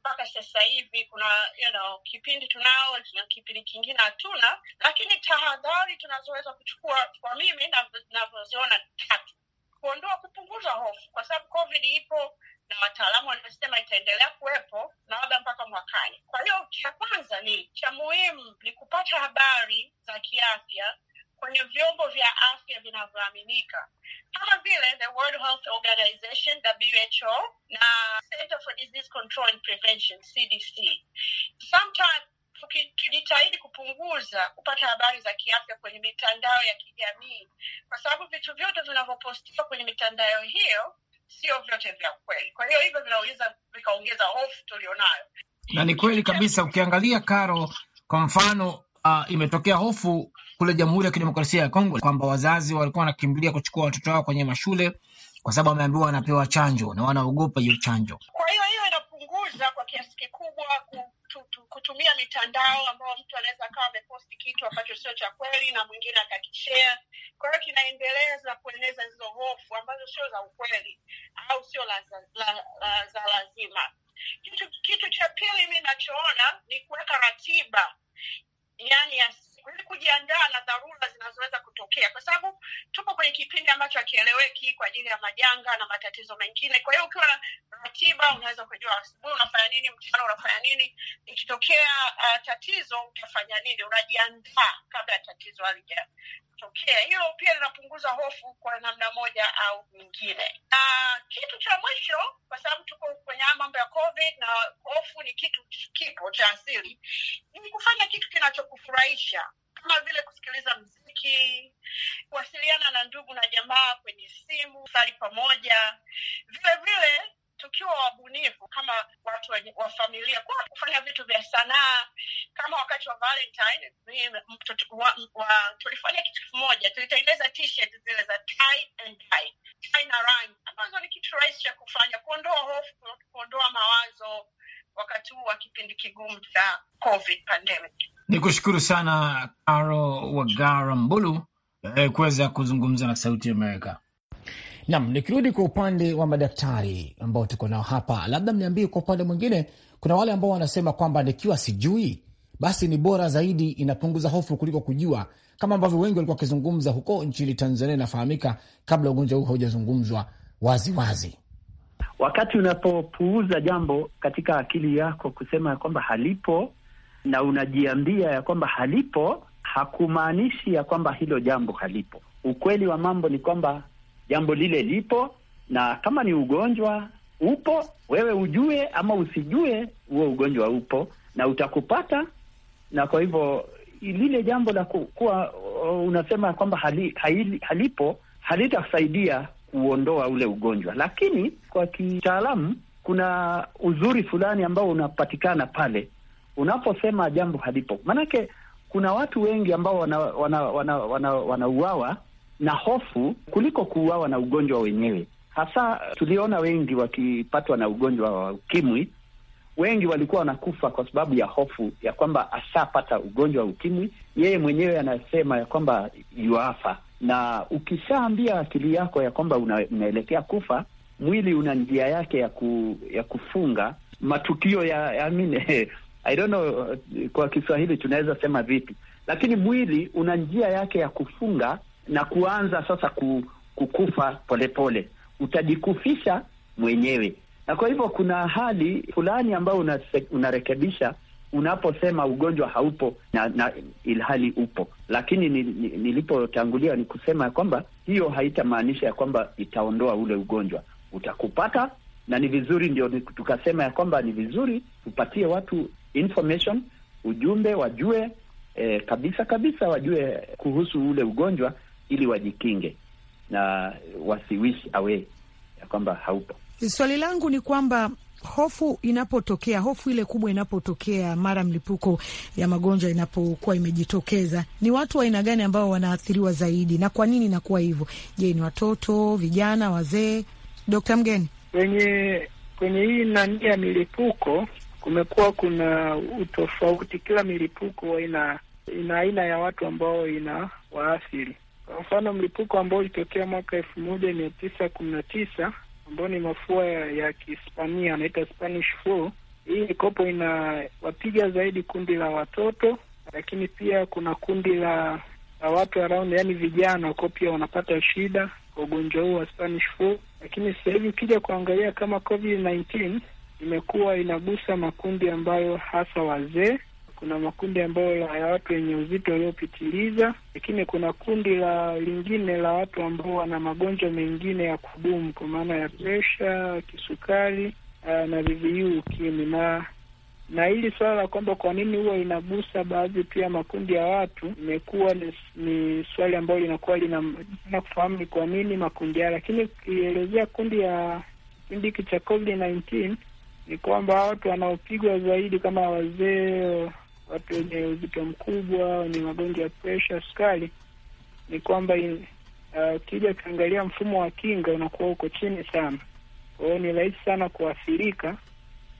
mpaka sasa hivi. Kuna you know, kipindi tunao na kipindi kingine hatuna, lakini tahadhari tunazoweza kuchukua kwa mimi navyoziona tatu: kuondoa, kupunguza hofu, kwa sababu COVID ipo na wataalamu wanasema itaendelea kuwepo na labda mpaka mwakani. Kwa hiyo cha kwanza ni cha muhimu ni kupata habari za kiafya kwenye vyombo vya afya vinavyoaminika kama vile the World Health Organization WHO na Center for Disease Control and Prevention CDC. Sometimes tukijitahidi kupunguza kupata habari za kiafya kwenye mitandao ya kijamii, kwa sababu vitu vyote vinavyopostiwa kwenye mitandao hiyo sio vyote vya kweli. Kwa hiyo hivyo vinaweza vikaongeza hofu tulionayo, na ni kweli kabisa. Ukiangalia Karo, kwa mfano uh, imetokea hofu kule Jamhuri ya Kidemokrasia ya Kongo kwamba wazazi walikuwa wanakimbilia kuchukua watoto wao kwenye mashule kwa sababu wameambiwa wanapewa chanjo na wanaogopa hiyo chanjo. Kwa hiyo hiyo inapunguza kwa kiasi kikubwa kutumia mitandao ambayo mtu anaweza akawa ameposti kitu ambacho sio cha kweli na mwingine akakishea. Kwa hiyo kinaendeleza kueneza hizo hofu ambazo sio za ukweli au sio la, la, la, za lazima. Kitu, kitu cha pili mi nachoona ni kuweka ratiba yani ya ili kujiandaa na dharura zinazoweza kutokea, kwa sababu tupo kwenye kipindi ambacho hakieleweki kwa ajili ya majanga na matatizo mengine. Kwa hiyo ukiwa na ratiba, unaweza ukajua asubuhi unafanya nini, mchana unafanya nini, ikitokea uh, tatizo utafanya nini. Unajiandaa kabla ya tatizo halija kutokea. Hilo pia linapunguza hofu kwa namna moja au nyingine. Na kitu cha mwisho, kwa sababu tuko kwenye haya mambo ya COVID na hofu ni kitu kipo cha asili, ni kufanya kitu kinachokufurahisha kama vile kusikiliza mziki, kuwasiliana na ndugu na jamaa kwenye simu, sali pamoja, vilevile vile tukiwa wabunifu kama watu wa familia, kwa kufanya vitu vya sanaa. Kama wakati wa Valentine tulifanya kitu kimoja, tulitengeneza t-shirt zile za tie and dye, tie na rangi, ambazo ni kitu rahisi cha kufanya, kuondoa hofu, kuondoa mawazo wakati huu wa kipindi kigumu cha COVID pandemic. Ni kushukuru sana karo Wagara Mbulu eh, kuweza kuzungumza na Sauti Amerika. Nam, nikirudi kwa upande wa madaktari ambao tuko nao hapa, labda mniambie kwa upande mwingine, kuna wale ambao wanasema kwamba nikiwa sijui basi ni bora zaidi, inapunguza hofu kuliko kujua, kama ambavyo wengi walikuwa wakizungumza huko nchini Tanzania. Inafahamika kabla ugonjwa huu haujazungumzwa waziwazi, wakati unapopuuza jambo katika akili yako kusema ya kwamba halipo na unajiambia ya kwamba halipo, hakumaanishi ya kwamba hilo jambo halipo. Ukweli wa mambo ni kwamba jambo lile lipo, na kama ni ugonjwa upo, wewe ujue ama usijue, huo ugonjwa upo na utakupata, na kwa hivyo lile jambo la kuwa uh, unasema kwamba hali, hali, halipo halitasaidia kuondoa ule ugonjwa, lakini kwa kitaalamu kuna uzuri fulani ambao unapatikana pale unaposema jambo halipo, maanake kuna watu wengi ambao wanauawa wana, wana, wana, wana na hofu kuliko kuuawa na ugonjwa wenyewe. Hasa tuliona wengi wakipatwa na ugonjwa wa ukimwi, wengi walikuwa wanakufa kwa sababu ya hofu ya kwamba ashapata ugonjwa wa ukimwi. Yeye mwenyewe anasema ya kwamba yuafa, na ukishaambia akili yako ya kwamba una, unaelekea kufa, mwili una njia yake ya, ku, ya kufunga matukio ya I mean, I don't know kwa Kiswahili tunaweza sema vipi, lakini mwili una njia yake ya kufunga na kuanza sasa ku, kukufa polepole pole. Utajikufisha mwenyewe, na kwa hivyo kuna hali fulani ambayo unarekebisha unaposema ugonjwa haupo na, na ilhali upo, lakini nilipotangulia ni kusema ya kwamba hiyo haitamaanisha ya kwamba itaondoa ule ugonjwa, utakupata na ni vizuri, ndio tukasema ya kwamba ni vizuri tupatie watu information, ujumbe, wajue eh, kabisa kabisa wajue kuhusu ule ugonjwa ili wajikinge na wasiwishi awe ya kwamba haupo. Swali langu ni kwamba hofu inapotokea, hofu ile kubwa inapotokea mara mlipuko ya magonjwa inapokuwa imejitokeza, ni watu wa aina gani ambao wanaathiriwa zaidi na kwa nini inakuwa hivyo? Je, ni watoto, vijana, wazee? Dokta Mgeni, kwenye kwenye hii nani ya milipuko kumekuwa kuna utofauti. Kila milipuko ina ina aina ya watu ambao ina waathiri. Kwa mfano mlipuko ambao ulitokea mwaka elfu moja mia tisa kumi na tisa ambao ni mafua ya, ya Kihispania anaita Spanish flu. Hii mikopo inawapiga zaidi kundi la watoto, lakini pia kuna kundi la, la watu around, yani vijana wako pia wanapata shida kwa ugonjwa huu wa Spanish flu. Lakini sasa hivi ukija kuangalia kama COVID-19 imekuwa inagusa makundi ambayo hasa wazee kuna makundi ambayo ya watu wenye uzito waliopitiliza, lakini kuna kundi la lingine la watu ambao wana magonjwa mengine ya kudumu kwa maana ya presha, kisukari eh, na VVU, ukimwi na na hili swala la kwamba kwa nini huwa inagusa baadhi pia makundi ya watu imekuwa ni, ni swali ambayo linakuwa lina kufahamu ni kwa nini makundi hayo, lakini ukielezea kundi ya kipindi hiki cha COVID-19 ni kwamba watu wanaopigwa zaidi kama wazee watu wenye uzito mkubwa, wenye magonjwa ya presha, sukari, ni kwamba uh, ukija uh, ukiangalia mfumo wa kinga unakuwa uko chini sana. Kwa hiyo ni rahisi sana kuathirika,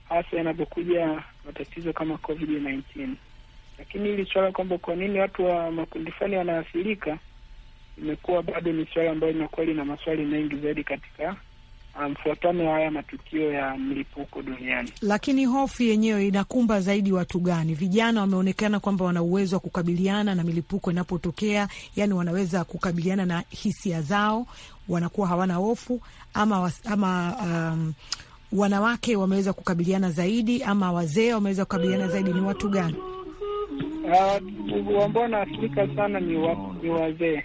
hasa yanapokuja matatizo kama Covid 19. Lakini hili swala kwamba kwa nini watu wa makundi fulani wanaathirika, imekuwa bado ni swala ambayo linakuwa lina maswali mengi zaidi katika mfuatano um, wa haya matukio ya mlipuko duniani. Lakini hofu yenyewe inakumba zaidi watu gani? Vijana wameonekana kwamba wana uwezo wa kukabiliana na milipuko inapotokea, yani wanaweza kukabiliana na hisia zao, wanakuwa hawana hofu ama, ama um, wanawake wameweza kukabiliana zaidi ama wazee wameweza kukabiliana zaidi, ni watu gani uh, ambao uh, wanaathirika sana? ni wazee,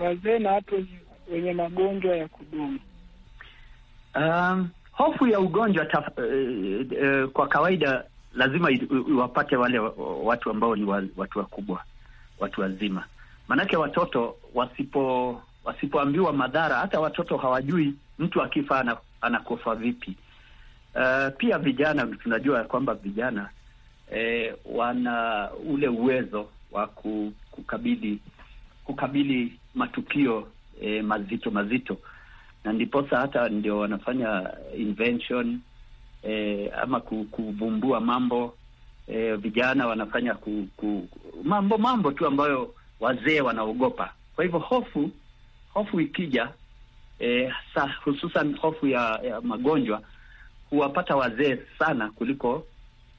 wazee na watu wenye magonjwa ya kudumu Um, hofu ya ugonjwa taf, uh, uh, kwa kawaida lazima iwapate wale watu ambao ni wa, watu wakubwa, watu wazima. Maanake watoto wasipo wasipoambiwa madhara, hata watoto hawajui mtu akifa anakufa vipi. Uh, pia vijana tunajua kwamba vijana eh, wana ule uwezo wa kukabili kukabili matukio eh, mazito mazito na ndiposa hata ndio wanafanya invention eh, ama kuvumbua mambo eh, vijana wanafanya ku, ku, mambo mambo tu ambayo wazee wanaogopa. Kwa hivyo hofu hofu ikija eh, sa, hususan hofu ya, ya magonjwa huwapata wazee sana kuliko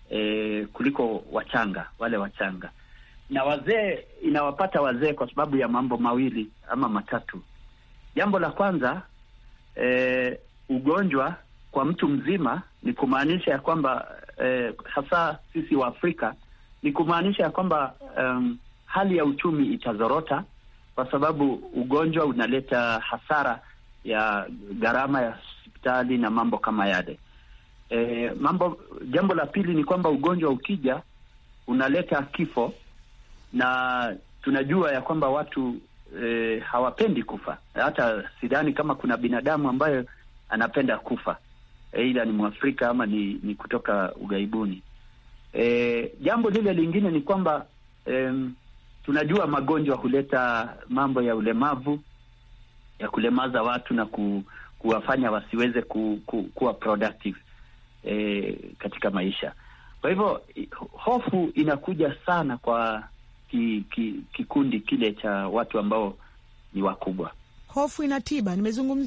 eh, kuliko wachanga wale wachanga, na wazee inawapata wazee kwa sababu ya mambo mawili ama matatu. Jambo la kwanza e, ugonjwa kwa mtu mzima, ni kumaanisha ya kwamba e, hasa sisi wa Afrika ni kumaanisha ya kwamba um, hali ya uchumi itazorota, kwa sababu ugonjwa unaleta hasara ya gharama ya hospitali na mambo kama yale. E, mambo jambo la pili ni kwamba ugonjwa ukija unaleta kifo, na tunajua ya kwamba watu e, hawapendi kufa. Hata sidhani kama kuna binadamu ambayo anapenda kufa, aidha eh, ni Mwafrika ama ni, ni kutoka ughaibuni. E, jambo lile lingine ni kwamba e, tunajua magonjwa huleta mambo ya ulemavu ya kulemaza watu na ku, kuwafanya wasiweze ku, ku, kuwa productive e, katika maisha. Kwa hivyo hofu inakuja sana kwa ki, ki, kikundi kile cha watu ambao ni wakubwa. Hofu ina tiba.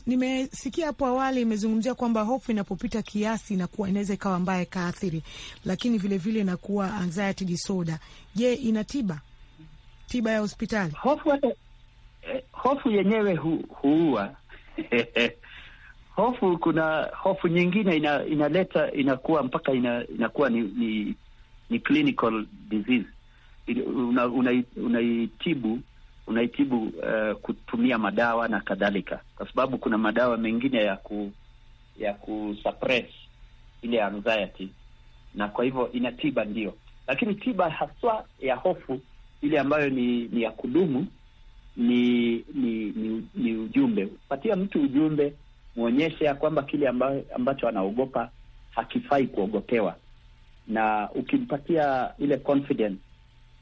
nimesikia hapo awali imezungumzia kwamba hofu inapopita kiasi inakuwa inaweza ikawa mbaya ikaathiri, lakini vilevile inakuwa vile anxiety disorder. Je, ina tiba? Tiba ya hospitali? Hofu, eh, hofu yenyewe hu, huua hofu. Kuna hofu nyingine ina, inaleta inakuwa mpaka ina, inakuwa ni, ni, ni clinical disease unaitibu una, una unaitibu uh, kutumia madawa na kadhalika, kwa sababu kuna madawa mengine ya ku, ya kusuppress ile anxiety, na kwa hivyo ina tiba ndio, lakini tiba haswa ya hofu ile ambayo ni, ni ya kudumu ni ni, ni ni ujumbe. Patia mtu ujumbe, mwonyeshe ya kwamba kile ambayo, ambacho anaogopa hakifai kuogopewa, na ukimpatia ile confidence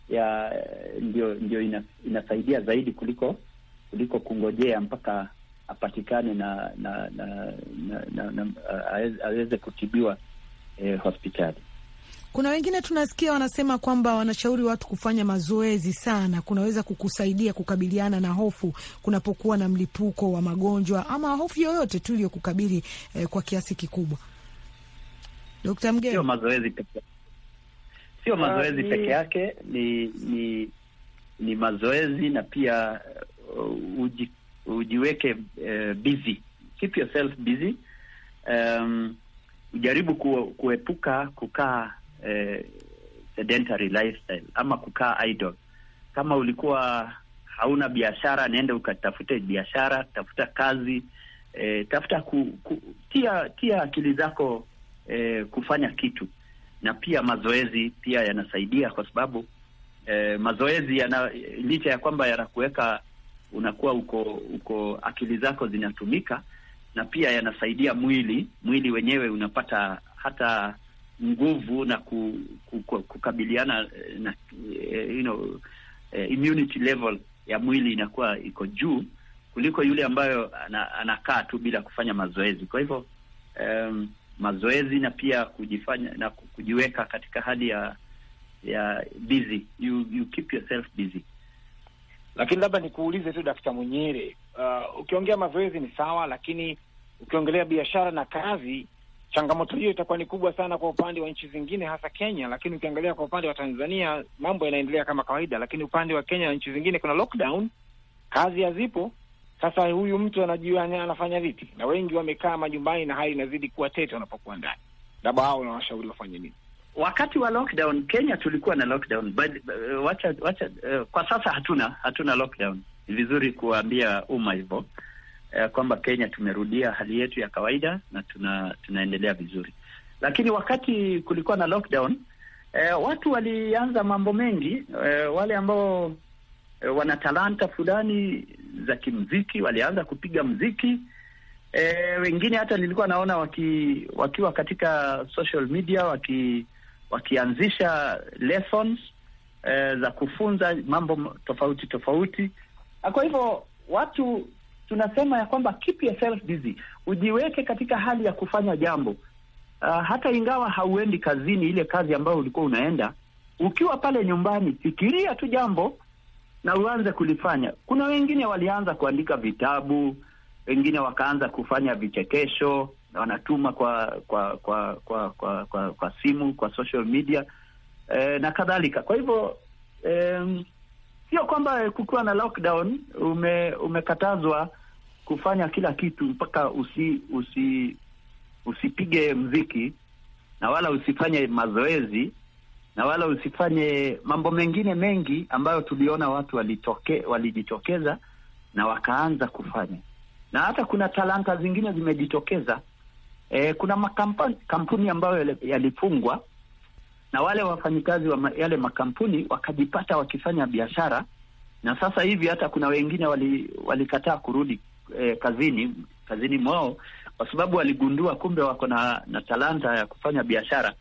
ya ndio ndio ina, inasaidia zaidi kuliko kuliko kungojea mpaka apatikane na na na, na, na, na uh, aweze kutibiwa eh, hospitali. Kuna wengine tunasikia wanasema kwamba wanashauri watu kufanya mazoezi sana, kunaweza kukusaidia kukabiliana na hofu kunapokuwa na mlipuko wa magonjwa ama hofu yoyote tu iliyokukabili eh, kwa kiasi kikubwa. Dkt. Mgeni, sio mazoezi pekee sio ah, mazoezi peke yake, ni ni ni mazoezi na pia uh, uji, ujiweke uh, busy, keep yourself busy um, ujaribu ku, kuepuka kukaa uh, sedentary lifestyle ama kukaa idle. Kama ulikuwa hauna biashara, niende ukatafute biashara, tafuta kazi eh, tafuta ku, ku, tia tia akili zako eh, kufanya kitu na pia mazoezi pia yanasaidia kwa sababu eh, mazoezi yana, licha ya kwamba yanakuweka unakuwa uko uko akili zako zinatumika, na pia yanasaidia mwili mwili wenyewe unapata hata nguvu na ku, ku, ku, kukabiliana eh, na eh, you know, eh, immunity level ya mwili inakuwa iko juu kuliko yule ambayo anakaa ana tu bila kufanya mazoezi. Kwa hivyo um, mazoezi na pia kujifanya na kujiweka katika hali ya ya busy. You, you keep yourself busy. Lakini labda nikuulize tu Dakta Munyere, uh, ukiongea mazoezi ni sawa, lakini ukiongelea biashara na kazi, changamoto hiyo itakuwa ni kubwa sana kwa upande wa nchi zingine, hasa Kenya. Lakini ukiangalia kwa upande wa Tanzania mambo yanaendelea kama kawaida, lakini upande wa Kenya na nchi zingine kuna lockdown, kazi hazipo. Sasa huyu mtu anajua anafanya vipi? Na wengi wamekaa majumbani na hali inazidi kuwa tete wanapokuwa ndani, labda hao unawashauri wafanye nini? Wakati wa lockdown Kenya tulikuwa na lockdown but, uh, wacha, wacha, uh, kwa sasa hatuna hatuna lockdown. Ni vizuri kuwaambia umma hivyo uh, kwamba Kenya tumerudia hali yetu ya kawaida na tuna, tunaendelea vizuri, lakini wakati kulikuwa na lockdown uh, watu walianza mambo mengi uh, wale ambao e, wana talanta fulani za kimziki, walianza kupiga mziki e, wengine hata nilikuwa naona waki, wakiwa katika social media waki, wakianzisha lessons e, za kufunza mambo tofauti tofauti. Kwa hivyo watu tunasema ya kwamba keep yourself busy, ujiweke katika hali ya kufanya jambo Uh, hata ingawa hauendi kazini ile kazi ambayo ulikuwa unaenda, ukiwa pale nyumbani, fikiria tu jambo na uanze kulifanya. Kuna wengine walianza kuandika vitabu, wengine wakaanza kufanya vichekesho, wanatuma kwa kwa kwa kwa kwa, kwa, kwa simu, kwa social media eh, na kadhalika. Kwa hivyo eh, sio kwamba kukiwa na lockdown ume, umekatazwa kufanya kila kitu mpaka usi, usi usipige mziki na wala usifanye mazoezi na wala usifanye mambo mengine mengi ambayo tuliona watu walitoke, walijitokeza na wakaanza kufanya, na hata kuna talanta zingine zimejitokeza. E, kuna makampuni ambayo yalifungwa na wale wafanyikazi wa yale makampuni wakajipata wakifanya biashara, na sasa hivi hata kuna wengine walikataa wali kurudi e, kazini kazini mwao kwa sababu waligundua kumbe wako na, na talanta ya kufanya biashara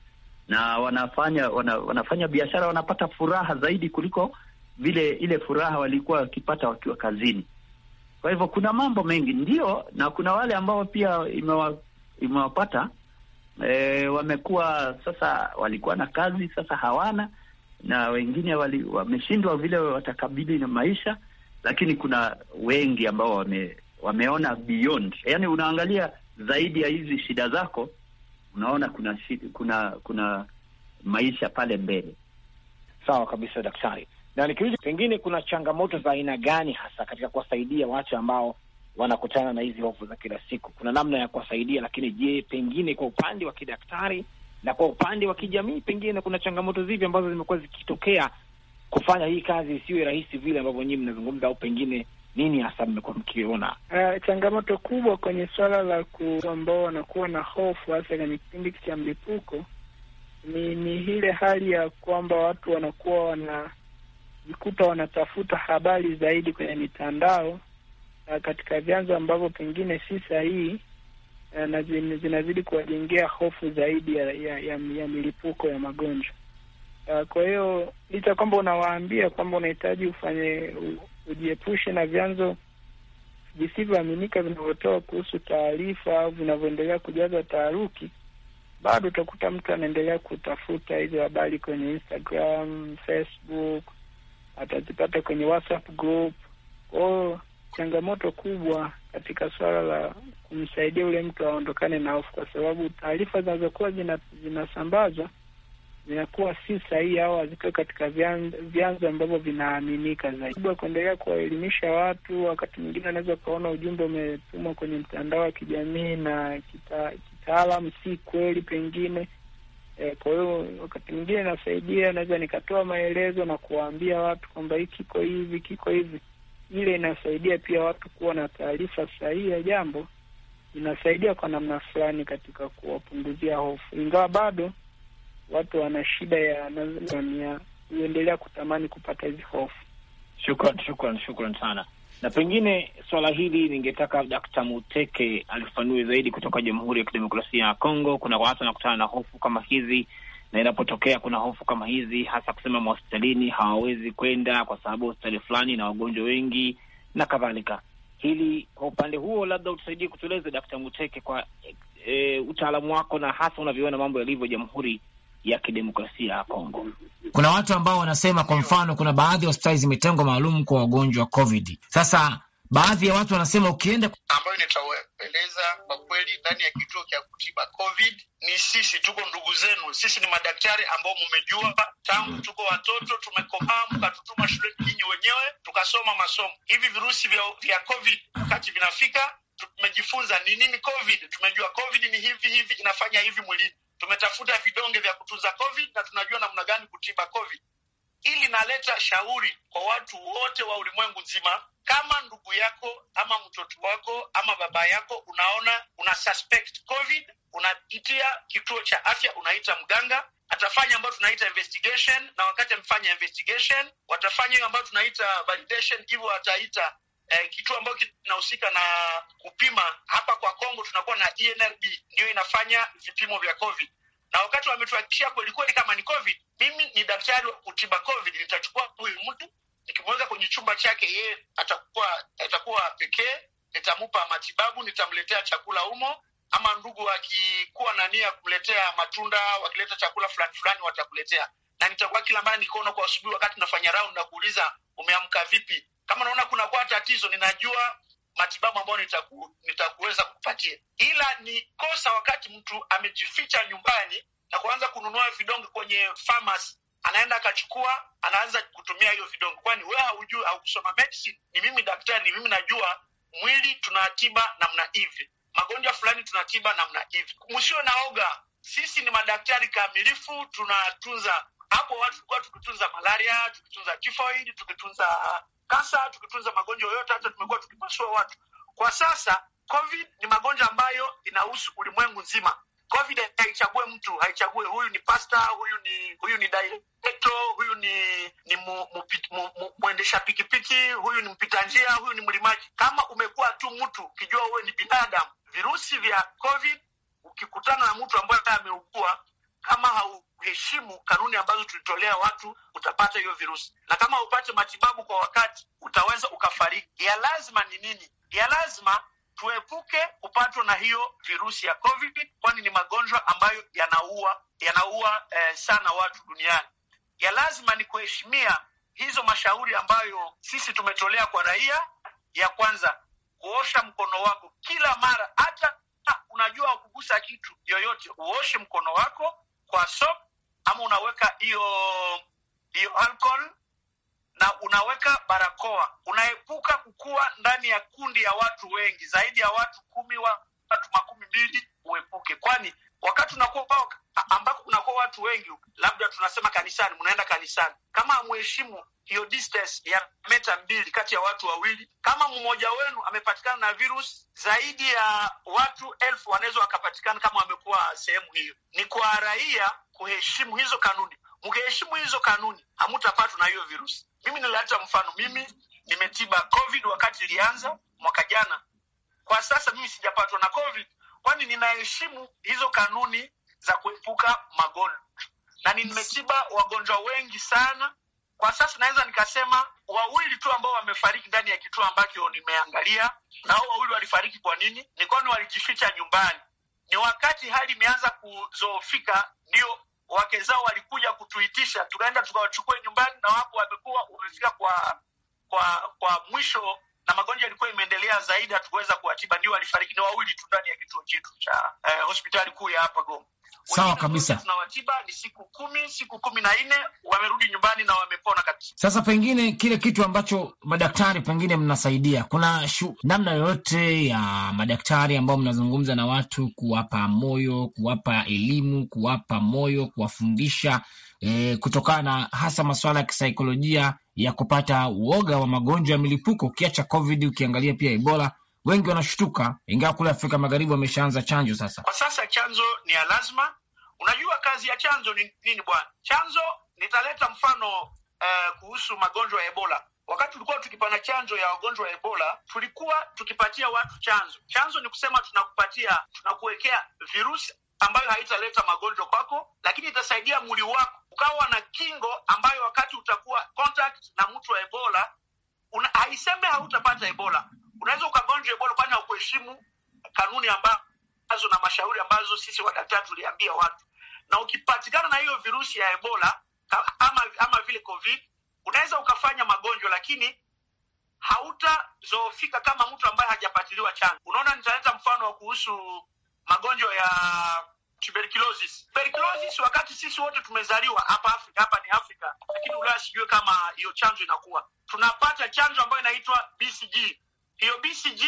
na wanafanya wana, wanafanya biashara, wanapata furaha zaidi kuliko vile ile furaha walikuwa wakipata wakiwa kazini. Kwa hivyo kuna mambo mengi ndio, na kuna wale ambao pia imewa, imewapata e, wamekuwa sasa, walikuwa na kazi sasa hawana, na wengine wali, wameshindwa vile watakabili na maisha, lakini kuna wengi ambao wame, wameona beyond, yani unaangalia zaidi ya hizi shida zako unaona kuna kuna kuna maisha pale mbele. Sawa kabisa daktari, na nikiuliza pengine kuna changamoto za aina gani hasa katika kuwasaidia watu ambao wanakutana na hizi hofu za kila siku? Kuna namna ya kuwasaidia, lakini je, pengine kwa upande wa kidaktari na kwa upande wa kijamii, pengine kuna changamoto zipi ambazo zimekuwa zikitokea kufanya hii kazi isiwe rahisi vile ambavyo nyinyi mnazungumza, au pengine nini hasa mmekuwa mkiona uh, changamoto kubwa kwenye suala la ku ambao wanakuwa na hofu hasa kwenye kipindi cha mlipuko ni ni ile hali ya kwamba watu wanakuwa wanajikuta wanatafuta habari zaidi kwenye mitandao uh, katika vyanzo ambavyo pengine si sahihi uh, na zinazidi kuwajengea hofu zaidi ya, ya, ya, ya milipuko ya magonjwa uh, kwa hiyo licha kwamba unawaambia kwamba unahitaji ufanye ujiepushe na vyanzo visivyoaminika vinavyotoa kuhusu taarifa au vinavyoendelea kujaza taharuki. Bado utakuta mtu anaendelea kutafuta hizo habari kwenye Instagram, Facebook, atazipata kwenye WhatsApp group. Kwao changamoto kubwa katika suala la kumsaidia ule mtu aondokane na hofu, kwa sababu taarifa zinazokuwa zinasambazwa zinakuwa si sahihi au haziko katika vyanzo ambavyo vinaaminika zaidi. Kuendelea kuwaelimisha watu, wakati mwingine anaweza ukaona ujumbe umetumwa kwenye mtandao wa kijamii na kita, si kweli pengine e, kwa hiyo wakati mwingine inasaidia, naweza nikatoa maelezo na kuwaambia watu kwamba hii kiko hivi kiko hivi. Ile inasaidia pia watu kuwa na taarifa sahihi ya jambo, inasaidia kwa namna fulani katika kuwapunguzia hofu, ingawa bado watu wana shida ya nazania huendelea kutamani kupata hizi hofu. Shukran, shukran, shukran sana. Na pengine swala hili ningetaka Dakta Muteke alifanue zaidi kutoka Jamhuri ya Kidemokrasia ya Kongo. Kuna watu wanakutana na hofu kama hizi, na inapotokea kuna hofu kama hizi, hasa kusema mahospitalini hawawezi kwenda kwa sababu hospitali fulani na wagonjwa wengi na kadhalika. Hili kwa upande huo, labda utusaidie kutueleza Dakta Muteke kwa e, utaalamu wako na hasa unavyoona mambo yalivyo Jamhuri ya kidemokrasia ya Kongo. Kuna watu ambao wanasema, kwa mfano, kuna baadhi ya hospitali zimetengwa maalum kwa wagonjwa wa COVID. Sasa baadhi ya watu wanasema ukienda, ambayo nitawaeleza kwa kweli, ndani ya kituo cha kutiba COVID ni sisi, tuko ndugu zenu, sisi ni madaktari ambao mumejua tangu tuko watoto, tumekomaa mkatutuma shuleni nyinyi wenyewe, tukasoma masomo. Hivi virusi vya, vya COVID wakati vinafika tumejifunza ni nini COVID, tumejua COVID ni hivi hivi, inafanya hivi mwilini Tumetafuta vidonge vya kutunza COVID na tunajua namna gani kutiba COVID. Ili naleta shauri kwa watu wote wa ulimwengu nzima, kama ndugu yako ama mtoto wako ama baba yako unaona una suspect COVID, unapitia kituo cha afya, unaita mganga atafanya ambayo tunaita investigation, na wakati amefanya investigation watafanya hiyo ambayo tunaita validation, hivyo ataita eh, kitu ambacho kinahusika na kupima hapa kwa Kongo tunakuwa na INRB e ndio inafanya vipimo vya COVID na wakati wametuhakikishia kwelikweli kama ni COVID, mimi ni daktari wa kutiba COVID, nitachukua huyu mtu nikimweka kwenye chumba chake, yeye atakuwa atakuwa pekee, nitamupa matibabu, nitamletea chakula humo, ama ndugu akikuwa na nia kuletea kumletea matunda, wakileta chakula fulani fulani watakuletea, na nitakuwa kila mara nikono kwa asubuhi, wakati nafanya round na kuuliza umeamka vipi, kama naona kuna kwa tatizo, ninajua matibabu ambayo nitaku, nitakuweza kupatia, ila ni kosa wakati mtu amejificha nyumbani na kuanza kununua vidonge kwenye famasi, anaenda akachukua, anaanza kutumia hiyo vidonge, kwani wewe haujui, haukusoma medicine. Ni mimi daktari, ni mimi najua mwili tunatiba namna hivi, magonjwa fulani tunatiba namna hivi. Msio naoga, sisi ni madaktari kamilifu, tunatunza hapo watu. Tulikuwa tukitunza malaria, tukitunza tifoid, tukitunza kasa tukitunza magonjwa yote, hata tumekuwa tukipasua watu. Kwa sasa COVID ni magonjwa ambayo inahusu ulimwengu nzima. COVID haichague mtu, haichague huyu ni pasta, huyu ni huyu ni director, huyu ni ni mwendesha pikipiki, huyu ni mpita njia, huyu ni mlimaji. Kama umekuwa tu mtu ukijua wewe ni binadamu, virusi vya COVID ukikutana na mtu ambaye ameugua kama hauheshimu kanuni ambazo tulitolea watu, utapata hiyo virusi, na kama upate matibabu kwa wakati, utaweza ukafariki. Ya lazima ni nini? Ya lazima tuepuke kupatwa na hiyo virusi ya COVID, kwani ni magonjwa ambayo yanaua yanaua eh, sana watu duniani. Ya lazima ni kuheshimia hizo mashauri ambayo sisi tumetolea kwa raia. Ya kwanza kuosha mkono wako kila mara, hata unajua ukugusa kitu yoyote, uoshe mkono wako kwa soap ama unaweka hiyo hiyo alcohol na unaweka barakoa, unaepuka kukuwa ndani ya kundi ya watu wengi zaidi ya watu kumi, watu makumi mbili, uepuke, kwani wakati unakuwa ambako kunakuwa watu wengi, labda tunasema kanisani, mnaenda kanisani, kama amuheshimu hiyo distance ya meta mbili kati ya watu wawili, kama mmoja wenu amepatikana na virus, zaidi ya watu elfu wanaweza wakapatikana kama wamekuwa sehemu hiyo. Ni kwa raia kuheshimu hizo kanuni. Mkiheshimu hizo kanuni, hamutapatwa na hiyo virusi. Mimi nilileta mfano, mimi nimetiba COVID wakati ilianza mwaka jana. Kwa sasa mimi sijapatwa na COVID kwani ninaheshimu hizo kanuni za kuepuka magonjwa na nimetiba wagonjwa wengi sana. Kwa sasa naweza nikasema wawili tu ambao wamefariki ndani ya kituo ambacho nimeangalia, na hao wawili walifariki kwa nini? Ni kwani walijificha nyumbani. Ni wakati hali imeanza kuzoofika, ndio wake zao walikuja kutuitisha, tukaenda tukawachukua nyumbani, na wapo wamekuwa wamefika kwa kwa kwa mwisho na magonjwa yalikuwa imeendelea zaidi, hatukuweza kuwatiba, ndio walifariki ni wawili tu ndani ya kituo chetu cha eh, hospitali kuu ya hapa Goma. Sawa kabisa, tunawatiba ni siku kumi, siku kumi na nne wamerudi nyumbani na wamepona kabisa. Sasa pengine kile kitu ambacho madaktari pengine mnasaidia, kuna shu, namna yoyote ya madaktari ambao mnazungumza na watu, kuwapa moyo, kuwapa elimu, kuwapa moyo, kuwafundisha eh, kutokana na hasa masuala ya kisaikolojia ya kupata uoga wa magonjwa ya milipuko ukiacha COVID, ukiangalia pia Ebola wengi wanashtuka, ingawa kule Afrika Magharibi wameshaanza chanjo sasa. Kwa sasa chanjo ni ya lazima. Unajua kazi ya chanjo ni nini bwana? Chanjo nitaleta mfano uh, kuhusu magonjwa ya Ebola. Wakati tulikuwa tukipana chanjo ya wagonjwa wa Ebola, tulikuwa tukipatia watu chanjo. Chanjo ni kusema tunakupatia, tunakuwekea virusi ambayo haitaleta magonjwa kwako, lakini itasaidia mwili wako ukawa na kingo ambayo wakati utakuwa contact na mtu wa Ebola una, haiseme hautapata Ebola. Unaweza ukagonjwa Ebola kwani haukuheshimu kanuni ambazo na mashauri ambazo sisi wadaktari tuliambia watu, na ukipatikana na hiyo virusi ya Ebola ama, ama vile COVID unaweza ukafanya magonjwa lakini hautazoofika kama mtu ambaye hajapatiliwa chanjo. Unaona, nitaleta mfano wa kuhusu magonjwa ya tuberculosis. Tuberculosis wakati sisi wote tumezaliwa hapa Afrika, hapa ni Afrika, lakini Ulaya sijue kama hiyo chanjo inakuwa. Tunapata chanjo ambayo inaitwa BCG. Hiyo BCG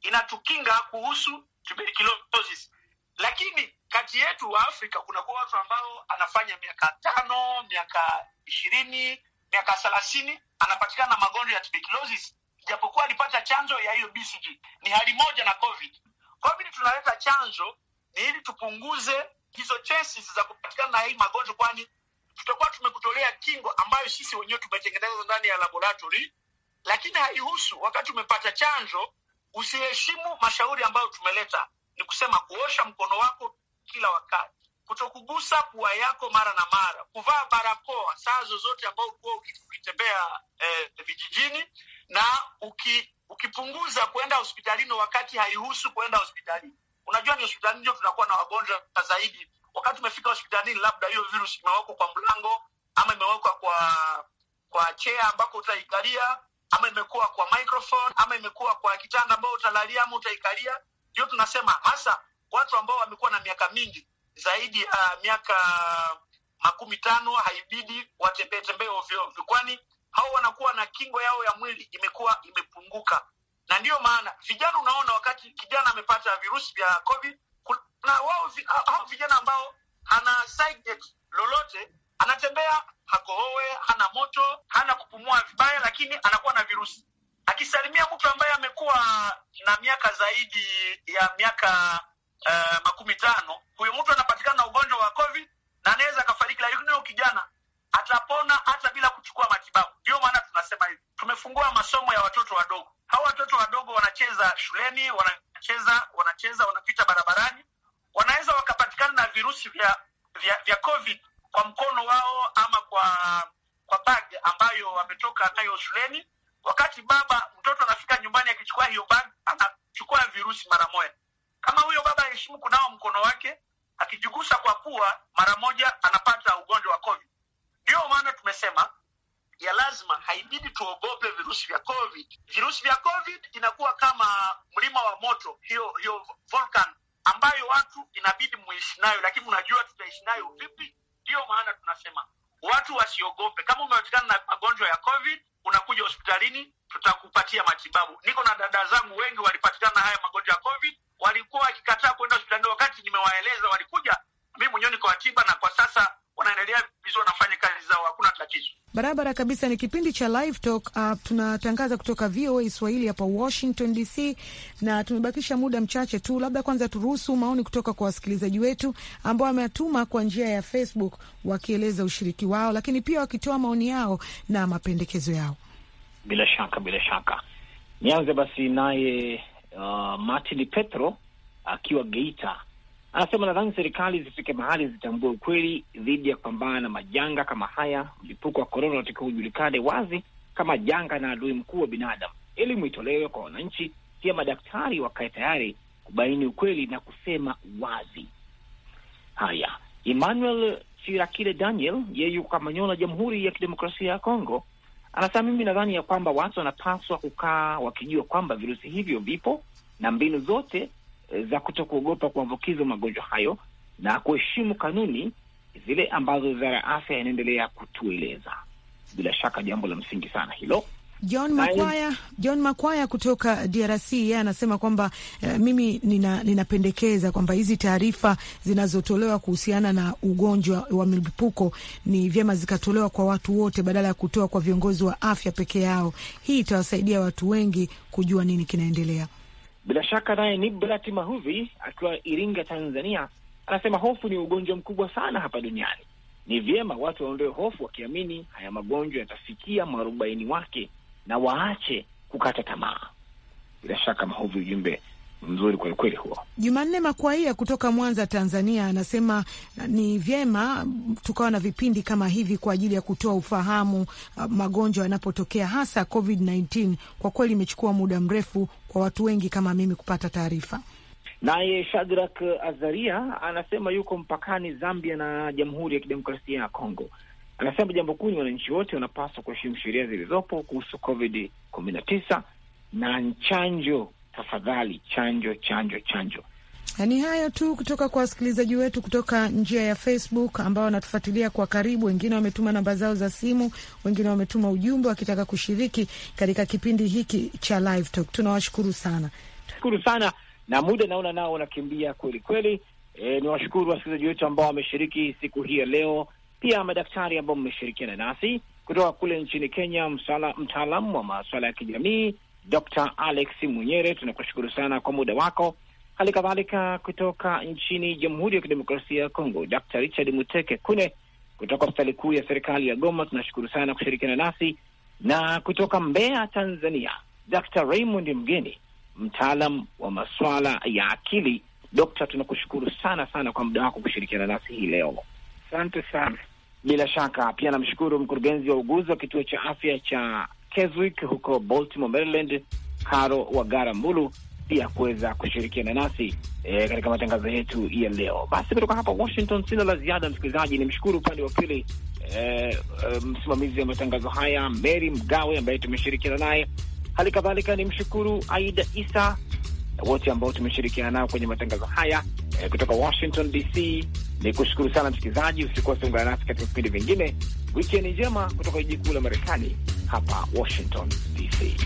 inatukinga kuhusu tuberculosis, lakini kati yetu wa Afrika kunakuwa watu ambao anafanya miaka tano, miaka ishirini, miaka thelathini anapatikana na magonjwa ya tuberculosis, japokuwa alipata chanjo ya hiyo BCG. Ni hali moja na COVID. COVID tunaleta chanjo ni ili tupunguze hizo chances za kupatikana na hii magonjwa, kwani tutakuwa tumekutolea kingo ambayo sisi wenyewe tumetengeneza ndani ya laboratory, lakini haihusu. Wakati umepata chanjo, usiheshimu mashauri ambayo tumeleta, ni kusema kuosha mkono wako kila wakati, kutokugusa pua yako mara na mara, kuvaa barakoa saa zozote ambao ulikuwa ukitembea eh, vijijini na uki, ukipunguza kwenda hospitalini wakati haihusu kuenda hospitalini. Unajua, ni hospitali ndio tunakuwa na wagonjwa zaidi. Wakati umefika hospitalini, labda hiyo virusi imewekwa kwa mlango ama imewekwa kwa kwa chea ambako utaikalia ama imekuwa kwa microphone ama imekuwa kwa kitanda ambao utalalia ama utaikalia. Ndio tunasema hasa watu ambao wamekuwa na miaka mingi zaidi ya uh, miaka makumi tano haibidi watembee tembee ovyo ovyo, kwani hao wanakuwa na kingo yao ya mwili imekuwa imepunguka na ndiyo maana vijana, unaona wakati kijana amepata virusi vya COVID, na wao hao vijana ambao hana side lolote, anatembea hakohoe, hana moto, hana kupumua vibaya, lakini anakuwa na virusi. Akisalimia mtu ambaye amekuwa na miaka zaidi ya miaka uh, makumi tano, huyo mtu anapatikana na ugonjwa wa COVID na anaweza akafariki, lakini huyo kijana atapona hata bila kuchukua matibabu. Ndio maana tunasema hivi, tumefungua masomo ya watoto wadogo. Hawa watoto wadogo wanacheza shuleni, wanacheza wanacheza, wanapita barabarani, wanaweza wakapatikana na virusi vya, vya, vya COVID kwa mkono wao ama kwa kwa bag ambayo wametoka nayo shuleni. Wakati baba mtoto anafika nyumbani, akichukua hiyo bag anachukua virusi mara moja. Kama huyo baba aheshimu kunao mkono wake, akijigusa kwa pua mara moja, anapata ugonjwa wa COVID. Ndiyo maana tumesema ya lazima, haibidi tuogope virusi vya COVID. Virusi vya COVID inakuwa kama mlima wa moto, hiyo hiyo volcano ambayo watu inabidi muishi nayo, lakini unajua tutaishi nayo vipi? Ndiyo maana tunasema watu wasiogope. Kama umepatikana na magonjwa ya COVID, unakuja hospitalini, tutakupatia matibabu. Niko na dada zangu wengi walipatikana na haya magonjwa ya COVID, walikuwa wakikataa kwenda hospitalini, wakati nimewaeleza walikuja. Mi mwenyewe niko na kwa sasa wanaendelea vizuri, wanafanya kazi zao, hakuna tatizo. Barabara kabisa. Ni kipindi cha Live Talk. Uh, tunatangaza kutoka VOA Swahili hapa Washington DC, na tumebakisha muda mchache tu. Labda kwanza turuhusu maoni kutoka kwa wasikilizaji wetu ambao wametuma kwa njia ya Facebook wakieleza ushiriki wao, lakini pia wakitoa maoni yao na mapendekezo yao. Bila shaka, bila shaka, nianze basi naye uh, Martin Petro akiwa Geita Anasema nadhani serikali zifike mahali zitambue ukweli dhidi ya kupambana na majanga kama haya. Mlipuko wa korona unatakiwa ujulikane wazi kama janga na adui mkuu wa binadamu. Elimu itolewe kwa wananchi, pia madaktari wakae tayari kubaini ukweli na kusema wazi. Haya, Emmanuel Chirakile Daniel, yeye yuko Kamanyola, Jamhuri ya Kidemokrasia ya Kongo, anasema mimi nadhani ya kwamba watu wanapaswa kukaa wakijua kwamba virusi hivyo vipo na mbinu zote Eh, za kutokuogopa kuambukizwa magonjwa hayo na kuheshimu kanuni zile ambazo wizara ya afya inaendelea kutueleza. Bila shaka jambo la msingi sana hilo. John Makwaya, John Makwaya kutoka DRC yeye anasema kwamba uh, mimi nina, ninapendekeza kwamba hizi taarifa zinazotolewa kuhusiana na ugonjwa wa milipuko ni vyema zikatolewa kwa watu wote badala ya kutoa kwa viongozi wa afya peke yao. Hii itawasaidia watu wengi kujua nini kinaendelea. Bila shaka naye nibrati Mahuvi akiwa Iringa, Tanzania, anasema hofu ni ugonjwa mkubwa sana hapa duniani. Ni vyema watu waondoe hofu, wakiamini haya magonjwa yatafikia mwarobaini wake na waache kukata tamaa. Bila shaka Mahuvi, ujumbe mzuri kwelikweli huo. Jumanne Makwaia kutoka Mwanza, Tanzania, anasema ni vyema tukawa na vipindi kama hivi kwa ajili ya kutoa ufahamu uh, magonjwa yanapotokea, hasa COVID-19. Kwa kweli imechukua muda mrefu kwa watu wengi kama mimi kupata taarifa. Naye Shadrak Azaria anasema yuko mpakani Zambia na Jamhuri ya Kidemokrasia ya Kongo. Anasema jambo kuu ni wananchi wote wanapaswa kuheshimu sheria zilizopo kuhusu COVID kumi na tisa na chanjo tafadhali chanjo, chanjo, chanjo. Ni hayo tu kutoka kwa wasikilizaji wetu kutoka njia ya Facebook ambao wanatufuatilia kwa karibu. Wengine wametuma namba zao za simu, wengine wametuma ujumbe wakitaka kushiriki katika kipindi hiki cha Live Talk. Tunawashukuru sana, shukuru sana, na muda naona nao unakimbia kweli kweli. E, ni washukuru wasikilizaji wetu ambao wameshiriki siku hii ya leo, pia madaktari ambao mmeshirikiana nasi kutoka kule nchini Kenya, mtaalamu wa maswala ya kijamii Dr Alex Munyere, tunakushukuru sana kwa muda wako. Hali kadhalika kutoka nchini Jamhuri ya Kidemokrasia ya Kongo, Dr Richard Muteke Kune kutoka hospitali kuu ya serikali ya Goma, tunashukuru sana kushirikiana nasi, na kutoka Mbeya, Tanzania, Dr Raymond Mgeni, mtaalam wa maswala ya akili. Dokta, tunakushukuru sana sana kwa muda wako kushirikiana nasi hii leo, asante sana. Bila shaka pia namshukuru mkurugenzi wa uguzi wa kituo cha afya cha Keswick huko Baltimore, Maryland, Karo wa garambulu pia kuweza kushirikiana nasi e, katika matangazo yetu ya leo. Basi kutoka hapa Washington sina la ziada, msikilizaji. Ni mshukuru upande wa pili e, e, msimamizi wa matangazo haya Mary Mgawe ambaye tumeshirikiana naye, hali kadhalika ni mshukuru Aida Isa wote ambao tumeshirikiana nao kwenye matangazo haya e, kutoka Washington DC. Ni kushukuru sana msikilizaji, usikose ungana nasi katika vipindi vingine. Wikendi njema kutoka jiji kuu la Marekani, hapa Washington DC.